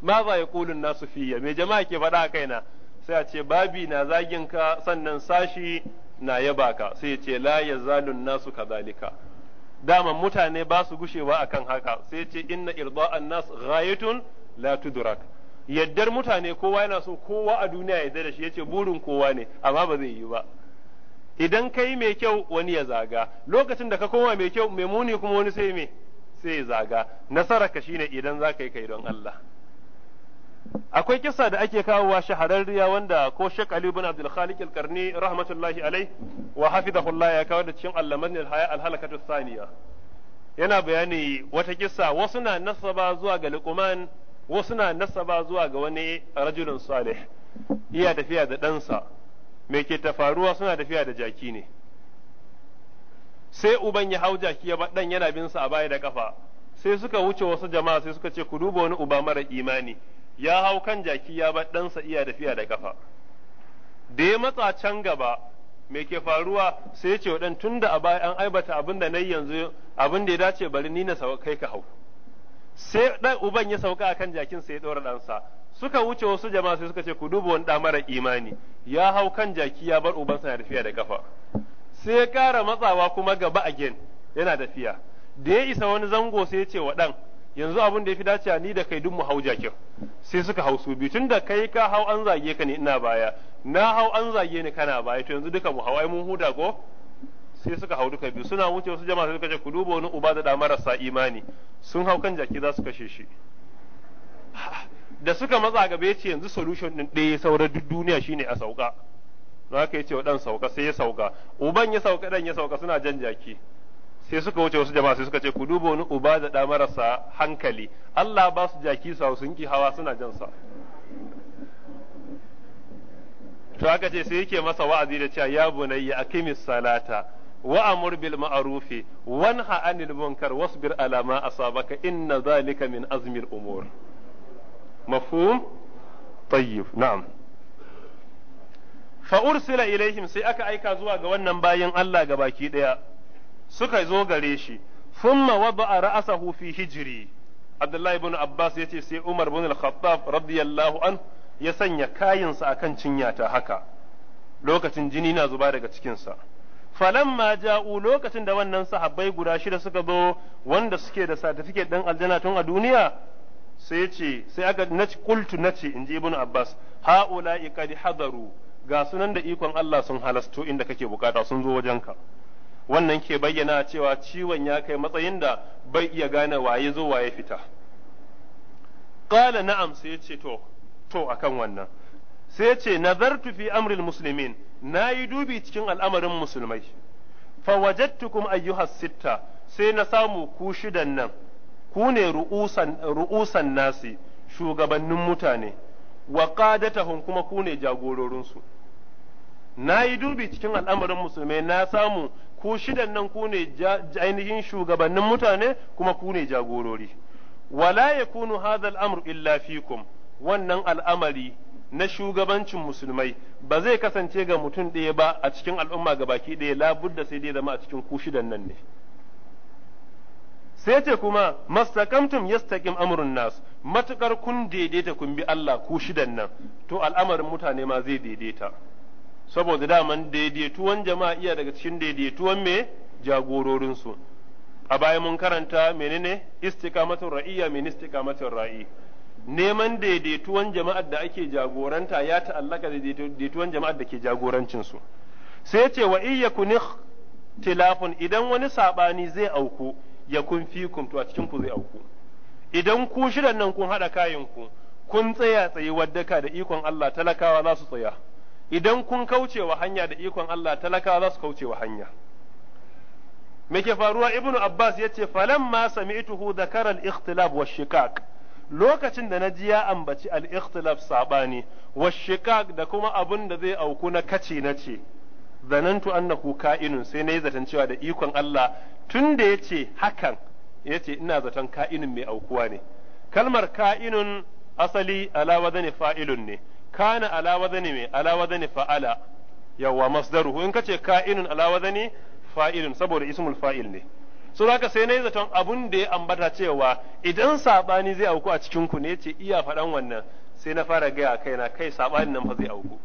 ma za kulun nasu fiya me jama'a ke faɗa a kaina sai a ce babi na zagin ka sannan sashi na yaba ka sai ya ce la yazalun nasu kazalika dama mutane ba su gushewa akan haka sai ce inna an nas ghayatun la tudrak yaddar mutane kowa yana so kowa a duniya ya da shi ce burin kowa ne amma ba zai yi ba idan kai mai kyau wani ya zaga lokacin da ka koma mai kyau mai muni kuma wani sai me sai ya zaga nasararka shine idan za ka yi kai don Allah akwai kisa da ake kawowa shahararriya wanda ko Sheikh Ali ibn Abdul Khaliq al-Qarni rahmatullahi alai wa hafizahullah ya kawo da cikin allaman al-haya al-halakatu saniya yana bayani wata kisa wasu na nasaba zuwa ga Luqman wasu na nasaba zuwa ga wani rajulun salih iya tafiya da ɗansa me ke tafaruwa suna tafiya da jaki ne sai uban ya hau jaki ya ɗan yana bin sa a baya da kafa sai suka wuce wasu jama'a sai suka ce ku duba wani uba mara imani ya hau kan jaki ya bar ɗansa iya tafiya da ƙafa da ya matsa can gaba me ke faruwa sai ce wa tunda a baya an aibata abin da na yanzu abin da ya dace bari ni na kai ka hau sai ɗan uban ya sauka akan jakin sai ya ɗora ɗansa suka wuce wasu jama'a sai suka ce ku duba wani ɗa mara imani ya hau kan jaki ya bar ubansa na tafiya da ƙafa sai ya ƙara matsawa kuma gaba again yana tafiya da ya isa wani zango sai ce wa ɗan yanzu abin da ya fi dacewa ni da kai duk mu hau jakin sai suka hau su biyu tunda kai ka hau an zage ka ne ina baya na hau an zage ni kana baya to yanzu duka mu hau ai mun huda ko sai suka hau duka biyu suna wuce wasu jama'a suka ce ku duba wani uba da marasa imani sun hau kan jaki za su kashe shi da suka matsa gaba ya ce yanzu solution din ɗaya sauran duk duniya shine a sauka za ka yi ce wa ɗan sauka sai ya sauka uban ya sauka ɗan ya sauka suna jan jaki sai suka wuce wasu jama'a sai suka ce ku duba wani uba da ɗa marasa hankali Allah ba su jaki sa sun ki hawa suna jan sa to aka ce sai yake masa wa'azi da cewa ya bunayya akimis salata wa amur bil ma'rufi wanha anil munkar wasbir ala ma asabaka inna zalika min azmir umur mafhum tayyib na'am fa ursila ilaihim sai aka aika zuwa ga wannan bayin Allah ga baki daya suka zo gare shi thumma wada'a ra'asahu fi hijri Abdullahi ibn Abbas yace sai Umar ibn al-Khattab radiyallahu an ya sanya sa akan ta haka lokacin jini na zuba daga cikin sa falamma ja'u lokacin da wannan sahabbai guda shida suka zo wanda suke da certificate dan aljanna tun a duniya sai ce sai aka nace qultu nace inji ibn abbas haula'i qad hadaru ga sunan da ikon Allah sun halasto inda kake bukata sun zo wajenka wannan ke bayyana cewa ciwon ya kai matsayin da bai iya gane waye zo waye fita Ƙala na'am sai ce to to akan wannan sai ce nazartu fi amril muslimin na yi dubi cikin al'amarin musulmai Fa wajadtukum ayyuhas sitta sai na samu ku shidan nan ku ne ru'usan nasi shugabannin mutane wa qadatahum kuma ku ne jagororinsu na yi dubi cikin al'amarin musulmai na samu ku shidan nan ku ne ainihin shugabannin mutane kuma ku ne jagorori wala yakunu hadha al illa fikum wannan al'amari na shugabancin musulmai ba zai kasance ga mutum ɗaya ba a cikin al'umma ga baki ɗaya labudda sai dai zama a cikin ku shidan nan ne sai ce kuma mastakamtum yastaqim amrun nas matukar kun daidaita kun bi Allah ku shidan nan to al'amarin mutane ma zai daidaita saboda daman daidaituwan jama'a iya daga cikin daidaituwan me jagororinsu a baya mun karanta menene istiqamatul ra'iyya min istiqamatul ra'i neman daidaituwan jama'ar da ake jagoranta ya ta'allaka da daidaituwan jama'ar da ke jagorancin su sai ce wa iyyakun tilafun idan wani sabani zai auku ya yakun fikum to a cikin ku zai auku idan ku shidan nan kun hada kayan ku kun tsaya tsaye waddaka da ikon Allah talakawa za su tsaya idan kun kauce wa hanya da ikon Allah talakawa za su kauce wa hanya me ke faruwa ibnu abbas ya yace ma sami'tuhu dhakara al-ikhtilaf wa shikak lokacin da na ji ya ambaci al-ikhtilaf sabani wa shikak da kuma abun da zai auku na kace na ce zanantu annahu ka'inun sai nayi zaton cewa da ikon Allah Tunda da yace hakan yace ina zaton ka'inun mai aukuwa ne kalmar ka'inun asali ala wadani fa'ilun ne kana ala wadani me ala wadani fa'ala yawa masdaruhu in kace ka'inun ala wadani fa'ilun saboda ismul fa'il ne so zaka sai yi zaton abun da ya ambata cewa idan saɓani zai auku a cikin ku ne ce iya faɗan wannan sai na fara gaya kaina kai sabanin na fa zai auku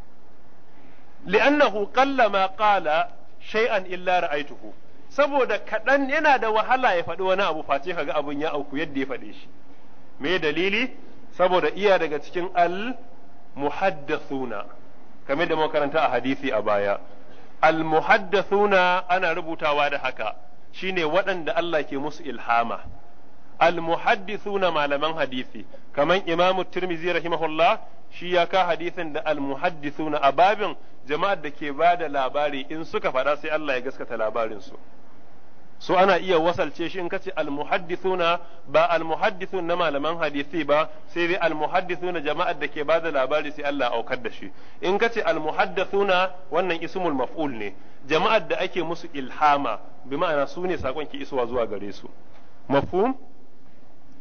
li'annahu qalla ma qala shay'an illa ra'aytuhu saboda kaɗan yana da wahala ya faɗi wani abu face kaga abun ya auku yadda ya faɗe shi me dalili saboda iya daga cikin al muhaddathuna kamar da makaranta a hadisi a baya al muhaddathuna ana rubutawa da haka shine waɗanda Allah ke musu ilhama al muhaddithuna malaman hadisi kamar Imam rahima rahimahullah shi ya ka hadisin da al muhaddithuna a babin jama'ar da ke bada labari in suka faɗa sai Allah ya gaskata labarin su so ana iya wasalce shi in kace almuhaddithuna ba almuhaddithun na malaman hadisi ba sai dai almuhaddithuna jama'ar da ke bada labari sai Allah aukar da shi in kace almuhaddathuna wannan ismul maf'ul ne jama'ar da ake musu ilhama bi ma'ana su ne sakon ki isuwa zuwa gare su mafhum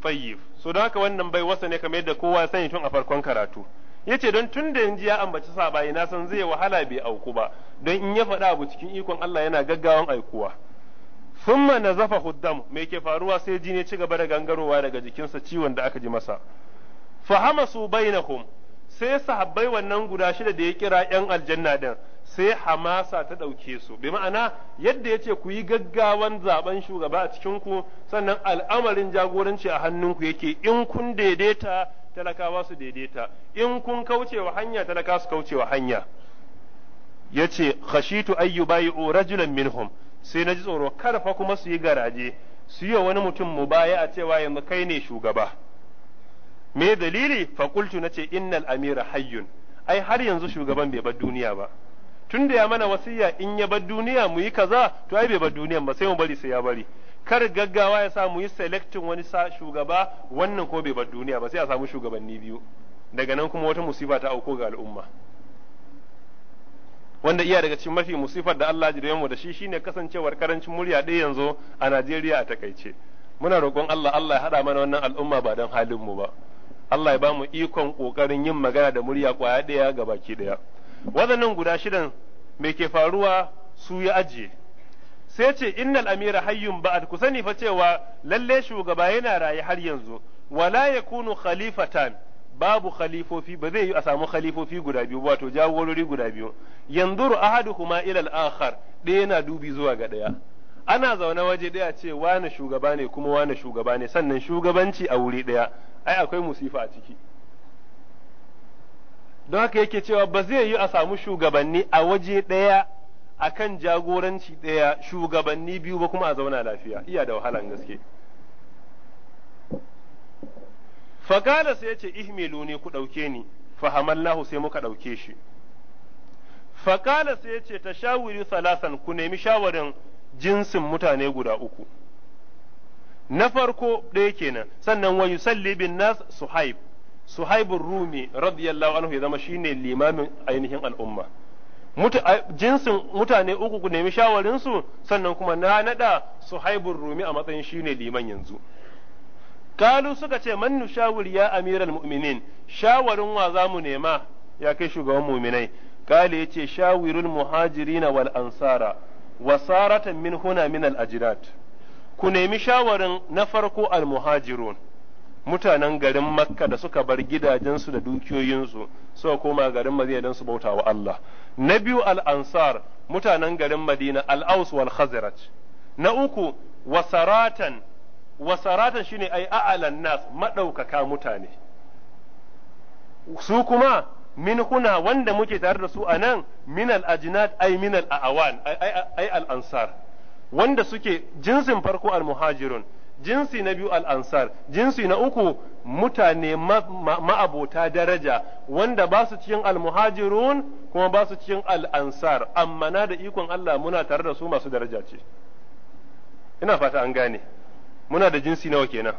fayyif so don haka wannan bai wasa ne kamar yadda kowa sani tun a farkon karatu yace don tun da yanzu ya ambaci sabayi na san zai wahala bai auku ba don in ya faɗa abu cikin ikon Allah yana gaggawan aikuwa thumma nazafa huddam me ke faruwa sai jini ci gaba da gangarowa daga jikinsa ciwon da aka ji masa fahamasu bainahum sai sahabbai wannan guda shida da ya kira yan aljanna din sai hamasa ta ɗauke su bi ma'ana yadda yace ku yi gaggawan zaben shugaba a cikinku sannan al'amarin jagoranci a hannunku yake in kun daidaita talakawa su daidaita in kun kaucewa hanya talaka su kaucewa hanya Yace ce khashitu ayyu bayi'u rajulan minhum sai na ji tsoro kada fa kuma su yi garaje su yi wani mutum mu baya a cewa yanzu kai ne shugaba me dalili fa qultu nace innal amira hayyun ai har yanzu shugaban bai bar duniya ba tunda ya mana wasiya in ya bar duniya mu yi kaza to ai bai bar duniyan ba sai mu bari sai ya bari kar gaggawa ya sa mu yi selecting wani sa shugaba wannan ko bai bar duniya ba sai a samu shugabanni biyu daga nan kuma wata musiba ta auko ga al'umma wanda iya daga cikin mafi musifar da Allah ya mu da shi shine kasancewar karancin murya ɗaya yanzu a Najeriya a takaice muna roƙon Allah Allah ya haɗa mana wannan al'umma ba don halin mu ba Allah ya ba mu ikon ƙoƙarin yin magana da murya ƙwaya ɗaya ga baki ɗaya waɗannan guda shidan me ke faruwa su ya ajiye sai ce innal amira hayyun ba'ad ku sani fa cewa lalle shugaba yana raye har yanzu wala yakunu khalifatan babu khalifofi ba zai yi a samu khalifofi guda biyu wato jagorori guda biyu yanzuru ahaduhuma ila al-akhar ɗaya yana dubi zuwa ga ɗaya ana zaune waje daya ce wani shugaba ne kuma wani shugaba ne sannan shugabanci a wuri ɗaya ai akwai musifa a ciki don haka yake cewa ba zai yi a samu shugabanni a waje ɗaya akan jagoranci ɗaya shugabanni biyu ba kuma a zauna lafiya iya da wahalan gaske fakala sai ya ce ihmilu ne ku ɗauke ni fahamallahu sai muka ɗauke shi fakala sai ya ce ta shawiri salasan ku nemi shawarin jinsin mutane guda uku na farko ɗaya kenan sannan wa yusalli bin nas suhaib suhaibun rumi radiyallahu anhu ya zama shine limamin ainihin al'umma jinsin mutane uku ku nemi shawarinsu sannan kuma na naɗa suhaibun rumi a matsayin shine liman yanzu kalu suka ce man nushawir ya amiral mu'minin shawarin wa za mu nema ya kai shugaban mu'minai kale yace shawirul muhajirina wal ansara wasaratan min huna min al ajrat ku nemi shawarin na farko al muhajirun mutanen garin makka da suka bar gidajensu da dukiyoyinsu suka koma garin madina dan su bauta wa Allah na biyu al ansar mutanen garin madina al aus wal khazraj na uku wasaratan wa shine ai a'lan nas madaukaka mutane su kuma min kuna wanda muke tare da su a nan min al ajnat ai min al awan ai al ansar wanda suke jinsin farko al muhajirun jinsi na biyu al ansar jinsi na uku mutane ma'abota daraja wanda ba su cikin al muhajirun kuma ba su cikin al ansar amma na da ikon Allah muna tare da su masu daraja ce ina fata an gane muna da jinsi nawa kenan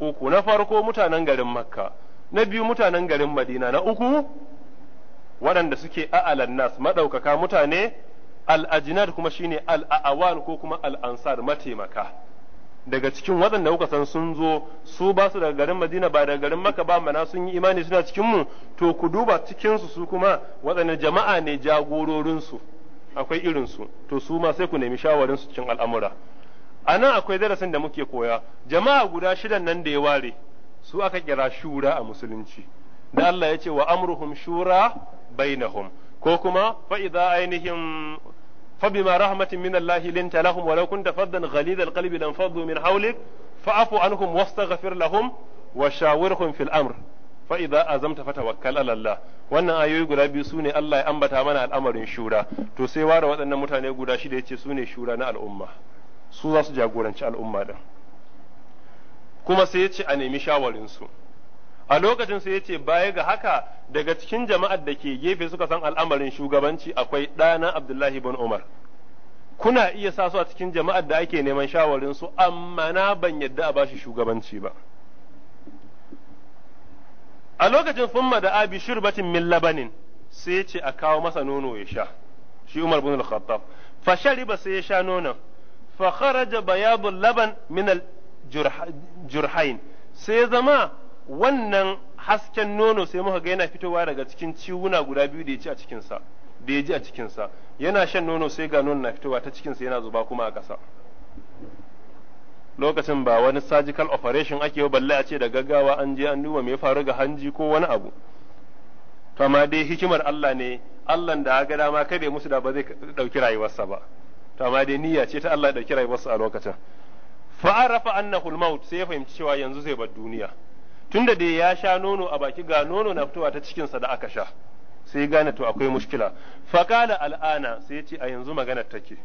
uku na farko mutanen garin makka na biyu mutanen garin madina na uku waɗanda suke a'alan nas maɗaukaka mutane al'ajinad kuma shine al'awan ko kuma al'ansar mataimaka daga cikin waɗanda kuka san sun zo su ba su daga garin madina ba daga garin Makka ba mana sun yi imani suna cikin mu to ku duba cikinsu su su kuma waɗanda jama'a ne jagororinsu akwai irinsu to su ma sai ku nemi shawarinsu cikin al'amura a nan akwai darasin da muke koya jama'a guda shidan nan da ya ware su aka kira shura a musulunci da Allah ya ce wa amruhum shura bainahum ko kuma fa idza ainihim fa bima rahmatin min Allah linta lahum walau kunta faddan ghalid alqalbi lam min hawlik fa'fu anhum wastaghfir lahum wa shawirhum fil amr fa idza azamta fatawakkal ala wannan ayoyi guda biyu sune Allah ya ambata mana al'amarin shura to sai ware waɗannan mutane guda shida su sune shura na al'umma su za su jagoranci al'umma ɗin. kuma sai ya ce a nemi shawarinsu a lokacin sai ya ce baya ga haka daga cikin jama'ar da ke gefe suka san al'amarin shugabanci akwai ɗana abdullahi bin umar kuna iya sa su a cikin jama'ar da ake neman shawarinsu amma na ban yadda a bashi shugabanci ba a lokacin fumma da abi shirbatin min labanin sai ya ce a kawo masa nono ya sha shi umar bin al-khattab fa shariba sai ya sha nonon fa kharaja bayadul laban min al jurhain sai zama wannan hasken nono sai muka ga yana fitowa daga cikin ciwuna guda biyu da ya ci a cikinsa da ya ji a cikinsa yana shan nono sai ga nono na fitowa ta cikinsa yana zuba kuma a ƙasa lokacin ba wani surgical operation ake yi balle a ce da gaggawa an je an duba me ya faru ga hanji ko wani abu to amma dai hikimar Allah ne Allah da ga dama kada ya musu da ba zai dauki rayuwarsa ba to amma dai niyya ce ta Allah da dauki rayuwarsa a lokacin fa'arafa arafa annahu al-maut sai ya fahimci cewa yanzu zai bar duniya tunda dai ya sha nono a baki ga nono na fitowa ta cikinsa da aka sha sai gane to akwai mushkila faqala al'ana sai ya ce a yanzu magana take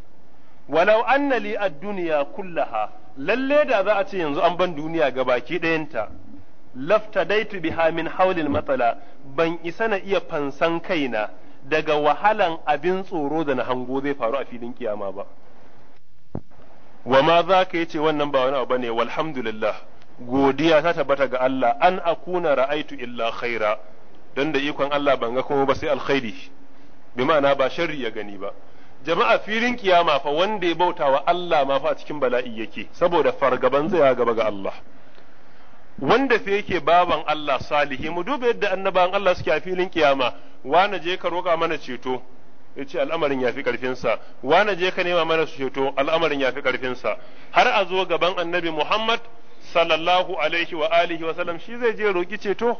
walau anna li ad-dunya kullaha lalle da za a ce yanzu an ban duniya ga baki ɗayanta laftadaitu biha min hawlil matsala ban isa na iya fansan kaina daga wahalan abin tsoro da na hango zai faru a filin kiyama ba wa ma za ka ce wannan ba wani abu ba ne, walhamdulillah godiya ta tabbata ga Allah an akuna ra'aitu illa khaira don da ikon Allah ban ga kuma ba sai alkhairi bi ma'ana ba sharri ya gani ba jama'a filin kiyama fa wanda ya bauta wa Allah ma fa a cikin bala'i yake saboda fargaban zai gaba ga Allah wanda sai yake baban Allah salihi mu duba yadda annabawan Allah suke a filin kiyama wane je ka roƙa mana ceto ya ce al'amarin ya fi ƙarfinsa wane je ka nema mana ceto al'amarin ya fi ƙarfinsa har a zo gaban annabi muhammad sallallahu alaihi wa alihi wa sallam shi zai je roƙi ceto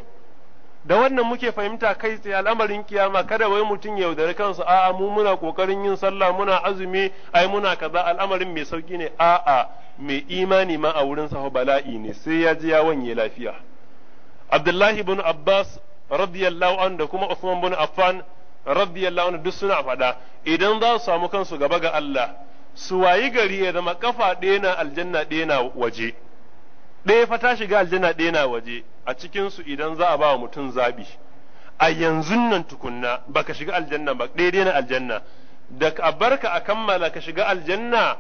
da wannan muke fahimta kai tsaye al'amarin kiyama kada wai mutum ya yaudari kansa a'a mu muna kokarin yin sallah muna azumi ai muna kaza al'amarin mai sauki ne a'a mai imani ma a wurin sa bala'i ne sai ya ji ya wanye lafiya Abdullahi ibn Abbas radiyallahu an da kuma Uthman bin Affan radiyallahu an duk suna fada. idan za su samu kansu gaba ga Allah su wayi gari ya zama kafa ɗaya na aljanna ɗaya na waje ɗaya fa ta shiga aljanna ɗaya na waje a cikin su idan za a ba wa mutum zabi a yanzu nan tukunna baka shiga aljanna ba ɗaya ɗaya aljanna da a barka a kammala ka shiga aljanna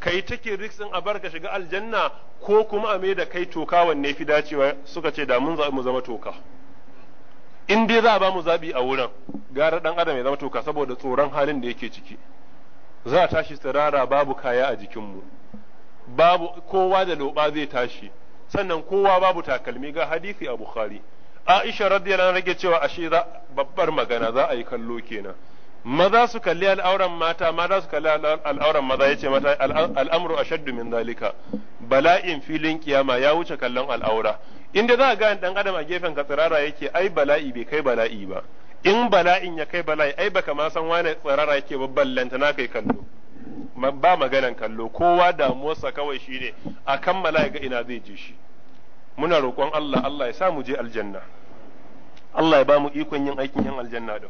kai take riksin a barka shiga aljanna ko kuma a mai da kai toka wanne fi dacewa suka ce da mun mu zama toka in dai za a ba mu zabi a wurin gara ɗan adam ya zama toka saboda tsoron halin da yake ciki za a tashi sirara babu kaya a jikinmu babu kowa da loba zai tashi sannan kowa babu takalmi ga hadisi a bukhari aisha radiyallahu anha rage cewa ashe za babbar magana za a yi kallo kenan maza su kalli al'auran mata maza su kalli al'auran maza yace mata al'amru ashaddu min zalika bala'in filin kiyama ya wuce kallon al'aura in dai za ka gane dan adam a gefen ka tsirara yake ai bala'i bai kai bala'i ba in bala'in ya kai bala'i ai baka ma san wane tsirara yake ba ballanta na kai kallo ba maganan kallo kowa damuwarsa kawai shine a kammala ga ina zai je shi muna roƙon Allah Allah ya sa mu je aljanna Allah ya ba mu ikon yin aikin yan aljanna da.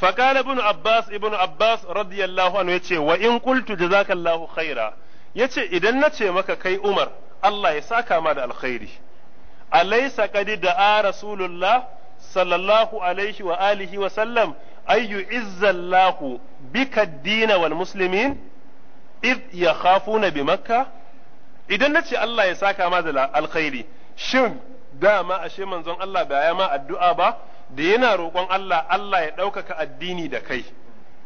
فقال ابن عباس ابن عباس رضي الله عنه yace wa in qultu jazakallahu khaira yace idan nace maka kai Umar Allah ya saka ma da alkhairi alaysa qad da'a rasulullah sallallahu alaihi wa alihi wa sallam ayyu izzallahu bika ad-din wal muslimin id yakhafuna bi makkah idan nace Allah ya saka ma da alkhairi shin dama ashe manzon Allah ba ya ma addu'a ba da yana roƙon Allah Allah ya ɗaukaka addini da kai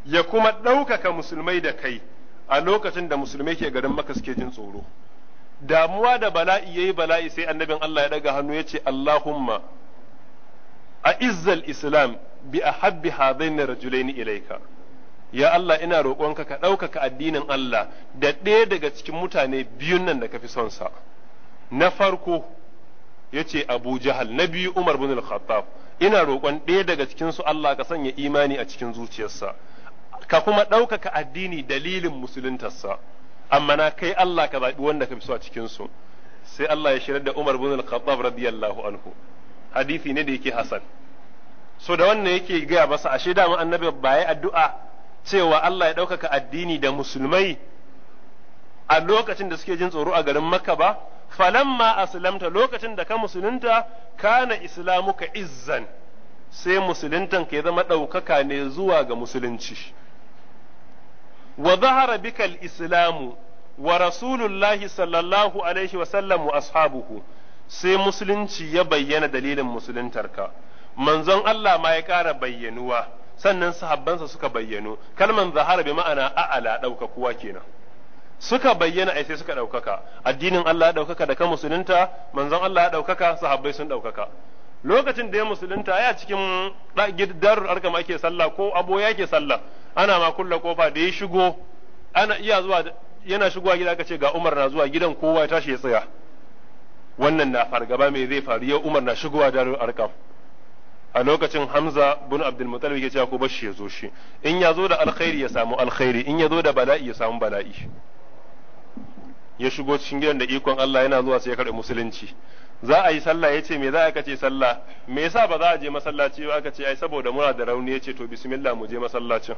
ya kuma ɗaukaka musulmai da kai a lokacin da musulmai ke garin maka suke jin tsoro damuwa da bala'i yayi bala'i sai annabin Allah ya daga hannu ya ce Allahumma a izzal islam bi ahabbi hadaini rajulaini ilaika ya Allah ina roƙonka ka ɗaukaka addinin Allah da ɗaya daga cikin mutane biyun nan da ka fi son sa na farko ya ce Abu Jahal na biyu Umar bin al-Khattab ina roƙon ɗaya daga cikin su Allah ka sanya imani a cikin zuciyarsa ka kuma ɗaukaka addini dalilin musuluntarsa amma na kai Allah ka zaɓi wanda ka fi so a cikin su sai Allah ya shirar da Umar bin Al-Khattab radiyallahu anhu hadisi ne da yake hasan so da wannan yake gaya masa ashe dama annabi ba ya addu'a cewa Allah ya ɗaukaka addini da musulmai a lokacin da suke jin tsoro a garin Makka ba falamma aslamta lokacin da ka musulunta kana islamuka izzan sai musuluntan ka ya zama ɗaukaka ne zuwa ga musulunci wa zahara bikal islamu wa rasulullahi sallallahu alaihi wa sallam wa sai musulunci ya bayyana dalilin musuluntarka manzon Allah ma ya kara bayyanuwa sannan sahabbansa suka bayyanu kalman zahara bi ma'ana a'ala ɗaukakuwa kenan suka bayyana ai sai suka ɗaukaka addinin Allah ya ɗaukaka da ka musulunta manzon Allah ya ɗaukaka sahabbai sun ɗaukaka lokacin da ya musulunta ya cikin darul arkam ake sallah ko abo ke sallah ana ma kulla kofa da ya shigo ana iya zuwa yana shigowa gida aka ce ga Umar na zuwa gidan kowa ya tashi ya tsaya wannan na fargaba mai zai faru yau Umar na shigowa darul arkam a lokacin Hamza bin Abdul Muttalib yake cewa ko bashi ya zo shi in ya zo da alkhairi ya samu alkhairi in ya zo da bala'i ya samu bala'i ya shigo cikin gidan da ikon Allah yana zuwa sai ya karɓi musulunci za a yi sallah ya ce me za a ce sallah me yasa ba za a je masallaci ba aka ce ai saboda muna da rauni ya ce to bismillah mu je masallacin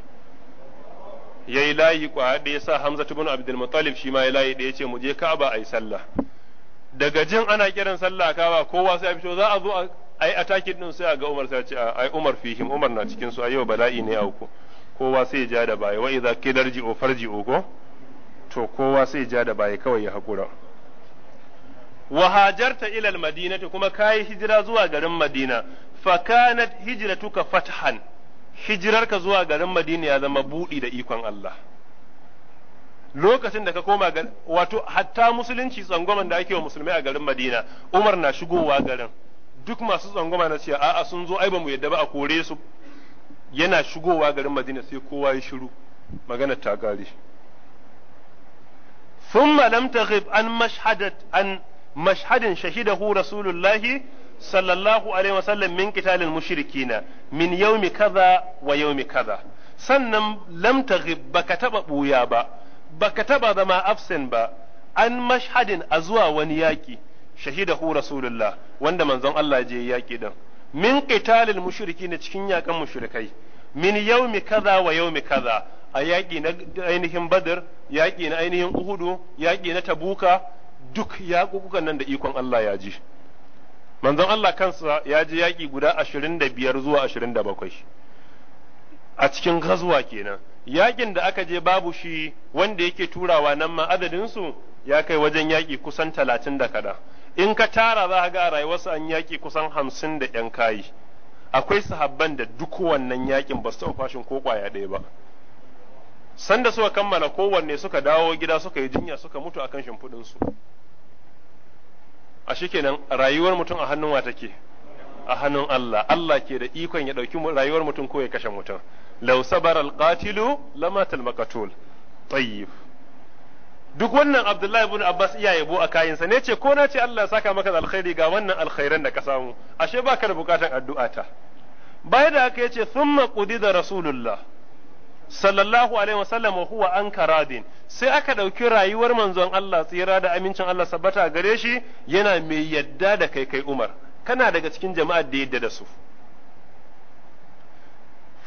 yayi layi kwa da yasa Hamza ibn Abdul Muttalib shi ma ya layi da ce mu je Ka'aba yi sallah daga jin ana kiran sallah kawa kowa sai a fito za a zo ai ataki din sai a ga Umar sai ce ai Umar fihim Umar na cikin su ayyau bala'i ne a uku kowa sai ya ja da baya wa idza kidarji o farji o ko to kowa sai ya ja da baya kawai ya hakura wa hajarta ila al-madinati kuma kai hijira zuwa garin Madina fa kanat hijratuka fathan hijirarka zuwa garin Madina ya zama buɗi da ikon Allah lokacin da ka koma ga wato hatta musulunci tsangwaman da ake wa musulmai a garin Madina Umar na shigowa garin duk masu tsangwama na cewa a'a sun zo ai bamu yadda ba a kore su yana shigowa garin Madina sai kowa ya shiru magana ta gare ثم لم تغب an مشهدة an. mashhadin shahidahu rasulullahi sallallahu alaihi wasallam min qitalil mushrikina min yaumi kaza wa yaumi kaza sannan lam taghib baka taba buya ba baka taba zama absent ba an mashhadin a zuwa wani yaki shahidahu rasulullah wanda manzon Allah je yaki din min qitalil mushrikina cikin yakan mushrikai min yaumi kaza wa yaumi kaza a yaƙi na ainihin badr yaƙi na ainihin uhudu yaƙi na tabuka duk yaƙuƙukan nan da ikon Allah ya ji manzon Allah kansa ya ji yaƙi guda ashirin da biyar zuwa ashirin da bakwai a cikin gazuwa kenan yaƙin da aka je babu shi wanda yake turawa nan ma adadinsu ya kai wajen yaƙi kusan talatin da kada in ka tara za ga a rayuwarsa an yaƙi kusan hamsin da ‘yan kayi akwai sahabban da duk wannan yaƙin ba su fashin ko ƙwaya ɗaya ba sanda suka kammala kowanne suka dawo gida suka yi jinya suka mutu akan shimfiɗinsu a kenan rayuwar mutum a hannun wa take a hannun Allah Allah ke da ikon ya ɗauki rayuwar mutum ko ya kashe mutum law sabara alqatilu lamatal talmakatul tayyib duk wannan Abdullahi ibn Abbas iya yabo a kayansa ne ce ko na ce Allah saka maka alkhairi ga wannan alkhairan da ka samu ashe baka da bukatar addu'a ta baya da haka yace thumma qudida rasulullah sallallahu alaihi wasallam huwa an karadin sai aka ɗauki rayuwar manzon Allah tsira da amincin Allah sabbata gare shi yana mai yadda da kai kai Umar kana daga cikin jama'ar da yadda da su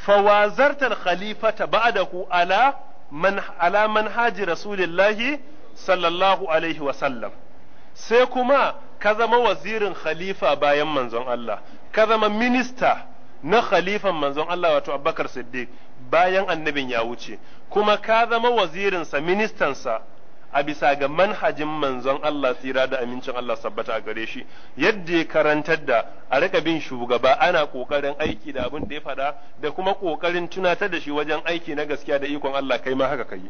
fawazartar khalifata ba'dahu ala man ala manhaji rasulillahi sallallahu alaihi wasallam sai kuma ka zama wazirin khalifa bayan manzon Allah ka zama minista na khalifan manzon Allah wato Abubakar Siddiq bayan annabin ya wuce kuma ka zama wazirinsa ministansa a bisa ga manhajin manzon Allah tsira da amincin Allah sabbata a gare shi yadda ya karantar da a rika bin shugaba ana kokarin aiki da abin da ya faɗa da kuma kokarin tunatar da shi wajen aiki na gaskiya da ikon Allah kai ma haka kai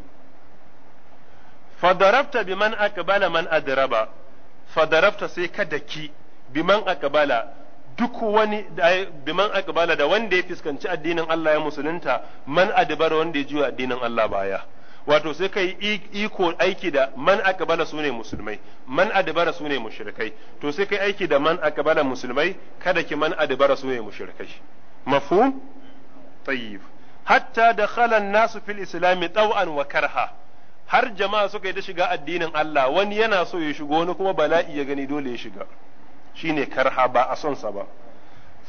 fadarabta biman akbala man adraba fadarabta sai ka daki biman akbala duk wani biman akbala da wanda ya fuskanci addinin Allah ya musulunta man adbar wanda ya juya addinin Allah baya wato sai kai iko aiki da man akbala sune musulmai man adbara sune mushrikai to sai kai aiki da man akbala musulmai kada ki man adbara sune mushrikai mafhum tayyib hatta dakhala an-nasu fil islami taw'an wa karha har jama'a suka yi da shiga addinin Allah wani yana so ya shigo wani kuma bala'i ya gani dole ya shiga shine karha ba a son sa ba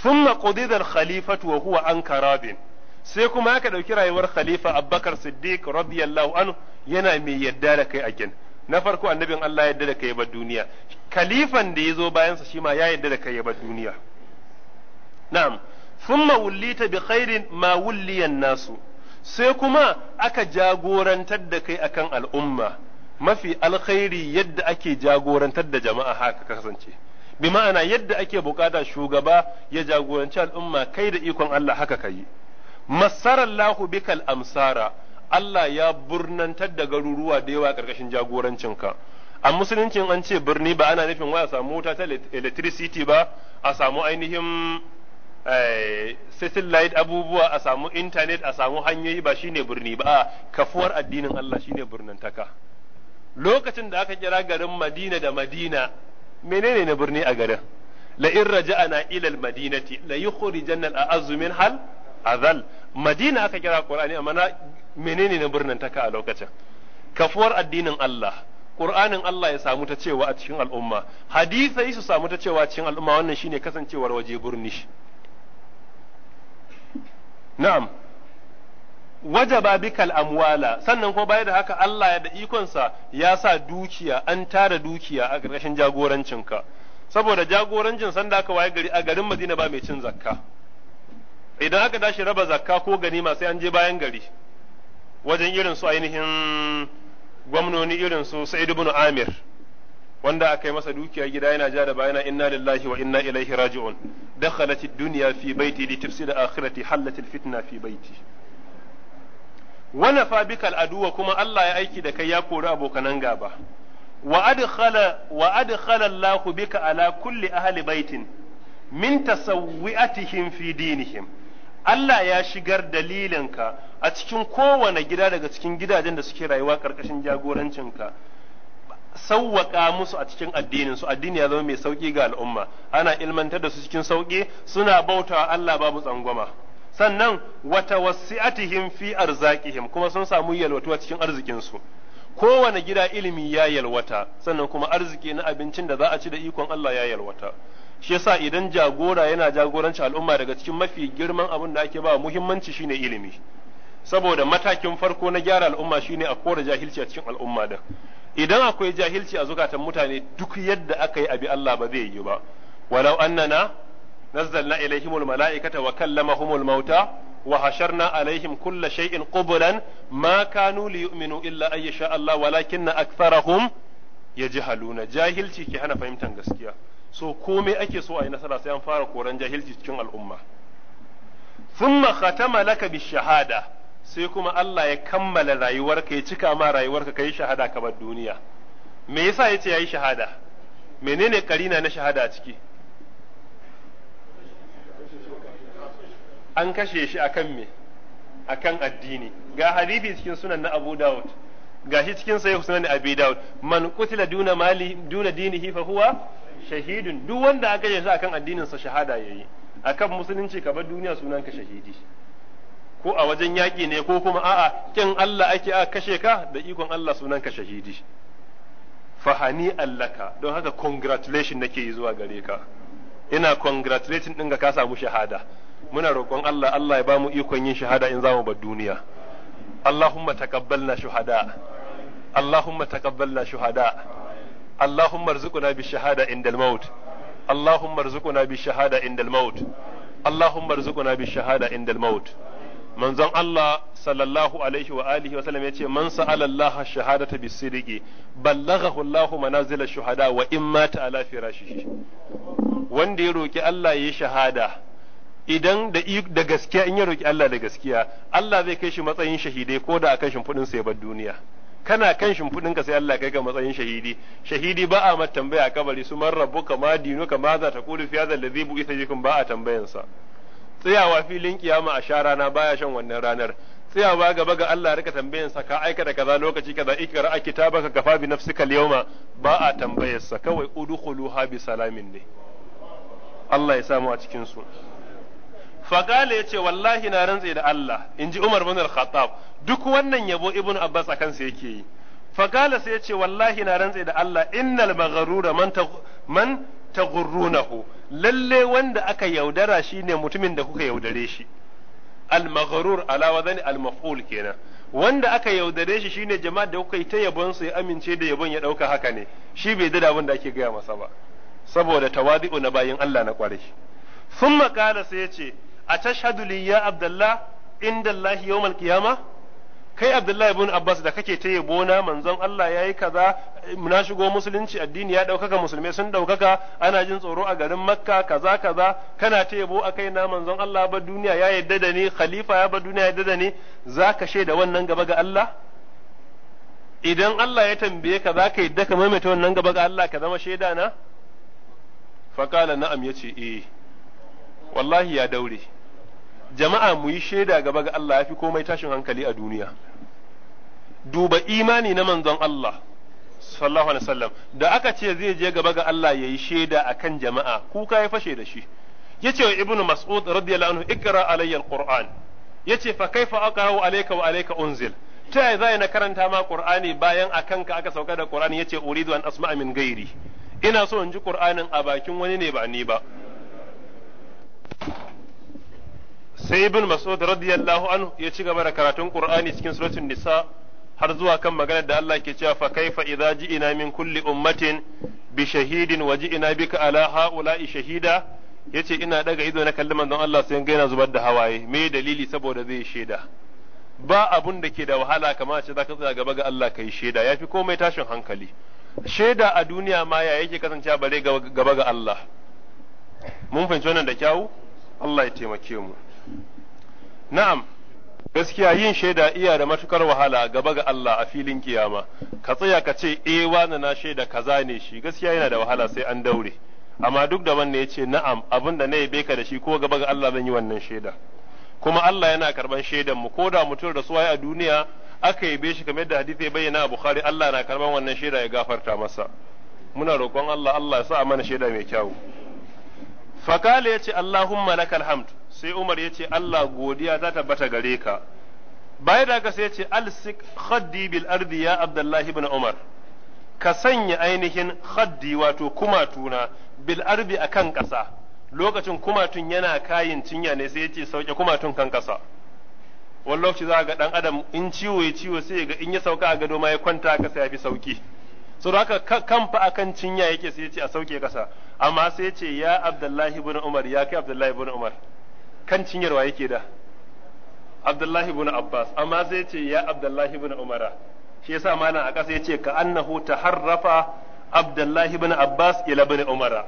thumma qudida khalifatu wa huwa an karabin sai kuma aka ɗauki rayuwar khalifa Abubakar Siddiq radiyallahu anhu yana mai yadda da kai again na farko annabin Allah yadda da kai bar duniya khalifan da ya zo bayansa shi ma ya yadda da kai bar duniya na'am thumma wullita bi khairin ma wulliyan nasu sai kuma aka jagorantar da kai akan al'umma mafi alkhairi yadda ake jagorantar da jama'a haka kasance bi ma'ana yadda ake bukata shugaba ya jagoranci al'umma kai da ikon Allah haka kai masarallahu bikal amsara Allah ya burnantar da garuruwa da yawa karkashin jagorancinka a musuluncin an ce birni ba ana nufin waya samu wuta ta electricity ba a samu ainihin eh, satellite abubuwa a samu internet a samu hanyoyi ba shine birni ba kafuwar addinin Allah shine birnantaka lokacin da aka kira garin Madina da Madina menene na birni a garin la in raja'ana ila al-madinati la yukhrijanna al-a'azzu min hal azal madina aka kira qur'ani amma na menene na birnin taka a lokacin kafuwar addinin Allah Qur'anin Allah ya samu ta cewa a cikin al'umma hadisai su samu ta cewa cikin al'umma wannan shine kasancewar waje birni na'am wajaba bikal amwala sannan ko baya da haka Allah ya da ikonsa ya sa dukiya an tara dukiya a ƙarƙashin jagorancinka saboda jagorancin sanda aka waye gari a garin Madina ba mai cin zakka idan aka tashi raba zakka ko ganima sai an je bayan gari wajen irin su ainihin gwamnoni irin su Sa'id ibn Amir wanda aka yi masa dukiya gida yana ja da bayana inna lillahi wa inna ilaihi raji'un dakhalat ad-dunya fi baiti li akhirati halat al-fitna fi baiti wa fa bikal aduwa kuma Allah ya aiki da kai ya kori abokanan gaba wa adkhala wa adkhala Allah bika ala kulli ahli baitin min tasawwi'atihim fi dinihim Allah ya shigar dalilinka a cikin kowane gida daga cikin gidajen da suke rayuwa karkashin jagorancinka sauwaƙa musu a cikin addinin su addini ya zama mai sauki ga al'umma ana ilmantar da su cikin sauki suna bautawa Allah babu tsangwama sannan wata wasi'atihim fi arzakihim kuma sun samu yalwatuwa cikin arzikinsu kowane gida ilimi ya yalwata sannan kuma arziki na abincin da za a ci da ikon Allah ya yalwata shi yasa idan jagora yana jagoranci al'umma daga cikin mafi girman abin da ake ba muhimmanci shine ilimi saboda matakin farko na gyara al'umma shine a kore jahilci a cikin al'umma da idan akwai jahilci a zukatan mutane duk yadda aka yi abi Allah ba zai yi ba walau annana nazzalna ilaihimul mala'ikata wa kallamahumul mauta wa hasharna alaihim kulla shay'in qublan ma kanu liyu'minu illa ay yasha Allah ya aktharahum yajhaluna jahilci ke hana fahimtar gaskiya so komai ake so a yi nasara sai an fara koren jahilci cikin al'umma thumma khatama laka bishahada sai kuma Allah ya kammala rayuwarka ya cika ma rayuwarka kai shahada ka duniya me yasa yace yayi shahada menene karina na shahada ciki an kashe shi akan me akan addini ga hadisi cikin sunan na Abu Dawud shi cikin sahih sunan na Abi Dawud man qutila duna mali duna dinihi fa huwa shahidun duk wanda aka kashe shi akan addinin sa shahada yayi akan musulunci ka bar duniya sunan ka shahidi ko a wajen yaƙi ne ko kuma a'a kin Allah ake a kashe ka da ikon Allah sunan ka shahidi fahani allaka don haka congratulation nake yi zuwa gare ka ina congratulating ɗin ka ka samu shahada muna roƙon Allah Allah ya ba mu ikon yin shahada in za mu bar duniya Allahumma taqabbalna shuhada Allahumma taqabbalna shuhada Allahumma arzuqna bi shahada indal maut Allahumma arzuqna bi shahada indal maut Allahumma arzuqna bi shahada indal maut manzon Allah sallallahu alaihi wa alihi wa sallam yace man sa'ala Allah shahadata bis sidqi ballaghahu Allah manazila shuhada wa imma ta ala firashihi wanda ya roki Allah yayi shahada idan da da gaskiya in ya roki Allah da gaskiya Allah zai kai shi matsayin shahidai ko da akan shimfiɗin sa ya bar duniya kana kan shimfiɗin ka sai Allah kai ga matsayin shahidi shahidi ba a mata tambaya a kabari su man rabbuka ma dinuka ma za ta kudu fiya zalladhi bu isa jikin ba a tambayan sa tsayawa filin kiyama a sha rana baya shan wannan ranar tsayawa gaba ga Allah rika tambayan sa ka aikata kaza lokaci kaza ikra kitabaka kafa bi nafsika alyawma ba a tambayar sa kawai udkhuluha bi salamin ne Allah ya samu a cikin su ya ce wallahi na rantse da Allah in ji Umar bin al-Khattab duk wannan yabo Ibn Abbas a kansa yake yi faqala sai yace wallahi na rantse da Allah innal magharura man man taghurrunahu lalle wanda aka yaudara shine mutumin da kuka yaudare shi al-maghrur ala wadani al-maf'ul kenan wanda aka yaudare shi shine jama'a da kuka yi ta yabon su ya amince da yabon ya dauka haka ne shi bai dada abin da ake gaya masa ba saboda tawadi'u na bayin Allah na kwarai thumma qala sai ce. a tashhadu li ya abdullah inda Allah yawmal qiyama kai abdullahi ibn abbas da kake ta yabo na manzon Allah yayi kaza na shigo musulunci addini ya daukaka musulmai sun daukaka ana jin tsoro a garin makka kaza kaza kana ta yabo a kai na manzon Allah ba duniya ya yadda da ni khalifa ya ba duniya ya yadda da ni zaka shaida wannan gaba ga Allah idan Allah ya tambaye ka zaka yadda ka maimaita wannan gaba ga Allah ka zama shaida na faqala na'am yace eh wallahi ya daure jama'a mu yi shaida gaba ga Allah ya fi komai tashin hankali a duniya duba imani na manzon Allah sallallahu alaihi wasallam da aka ce zai je gaba ga Allah ya yi shaida akan jama'a kuka ya fashe da shi yace wa ibnu mas'ud radiyallahu anhu ikra alayya alquran yace fa kaifa aqra'u alayka wa alayka unzil ta yaya zai na karanta ma qur'ani bayan akan ka aka sauka da qur'ani yace uridu an asma'a min gairi ina so in ji qur'anin a bakin wani ne ba ni ba sai ibn mas'ud radiyallahu anhu ya ci gaba da karatun qur'ani cikin suratul nisa har zuwa kan maganar da Allah ke cewa fa kaifa idza ji'ina min kulli ummatin bi shahidin wa ji'ina bika ala haula'i shahida yace ina daga ido na kalli manzon Allah sai ga yana zubar da hawaye me dalili saboda zai shaida ba abun da ke da wahala kamar ce zaka tsaya gaba ga Allah kai shaida yafi komai tashin hankali shaida a duniya ma ya yake kasancewa bare gaba ga Allah mun fahimci wannan da kyau Allah ya taimake mu na'am gaskiya yin shaida iya da matukar wahala gaba ga Allah a filin kiyama ka tsaya ka ce e, eh, wani na shaida kaza ne shi gaskiya yana da wahala sai an daure amma duk da ya ce na'am abin da na yabe ka da shi ko gaba ga Allah zan yi wannan shaida kuma Allah yana karban shaidan mu da mutum da suwaye a duniya aka yabe shi kamar yadda hadisi ya bayyana a Bukhari Allah na karban wannan shaida ya gafarta masa muna roƙon Allah Allah ya sa mana shaida mai kyau ya yace Allahumma lakal hamd sai Umar ya ce Allah godiya za ta bata gare ka baya da haka sai ya ce alsik khaddi bil ardi ya Abdullahi ibn Umar ka sanya ainihin khaddi wato kumatuna bil ardi akan kasa lokacin kumatun yana kayin cinya ne sai ya ce sauke kumatun kan kasa. wani lokaci za ga dan adam in ciwo ya ciwo sai ga in ya sauka a gado ma ya kwanta ka sai ya fi sauki so haka kanfa akan cinya yake sai ya ce a sauke kasa amma sai ya ce ya Abdullahi ibn Umar ya kai Abdullahi ibn Umar kan cinyarwa yake da Abdullahi ibn Abbas amma sai ce ya Abdullahi ibn Umara shi yasa malam a ƙasa yace ka annahu taharrafa Abdullahi ibn Abbas ila ibn Umara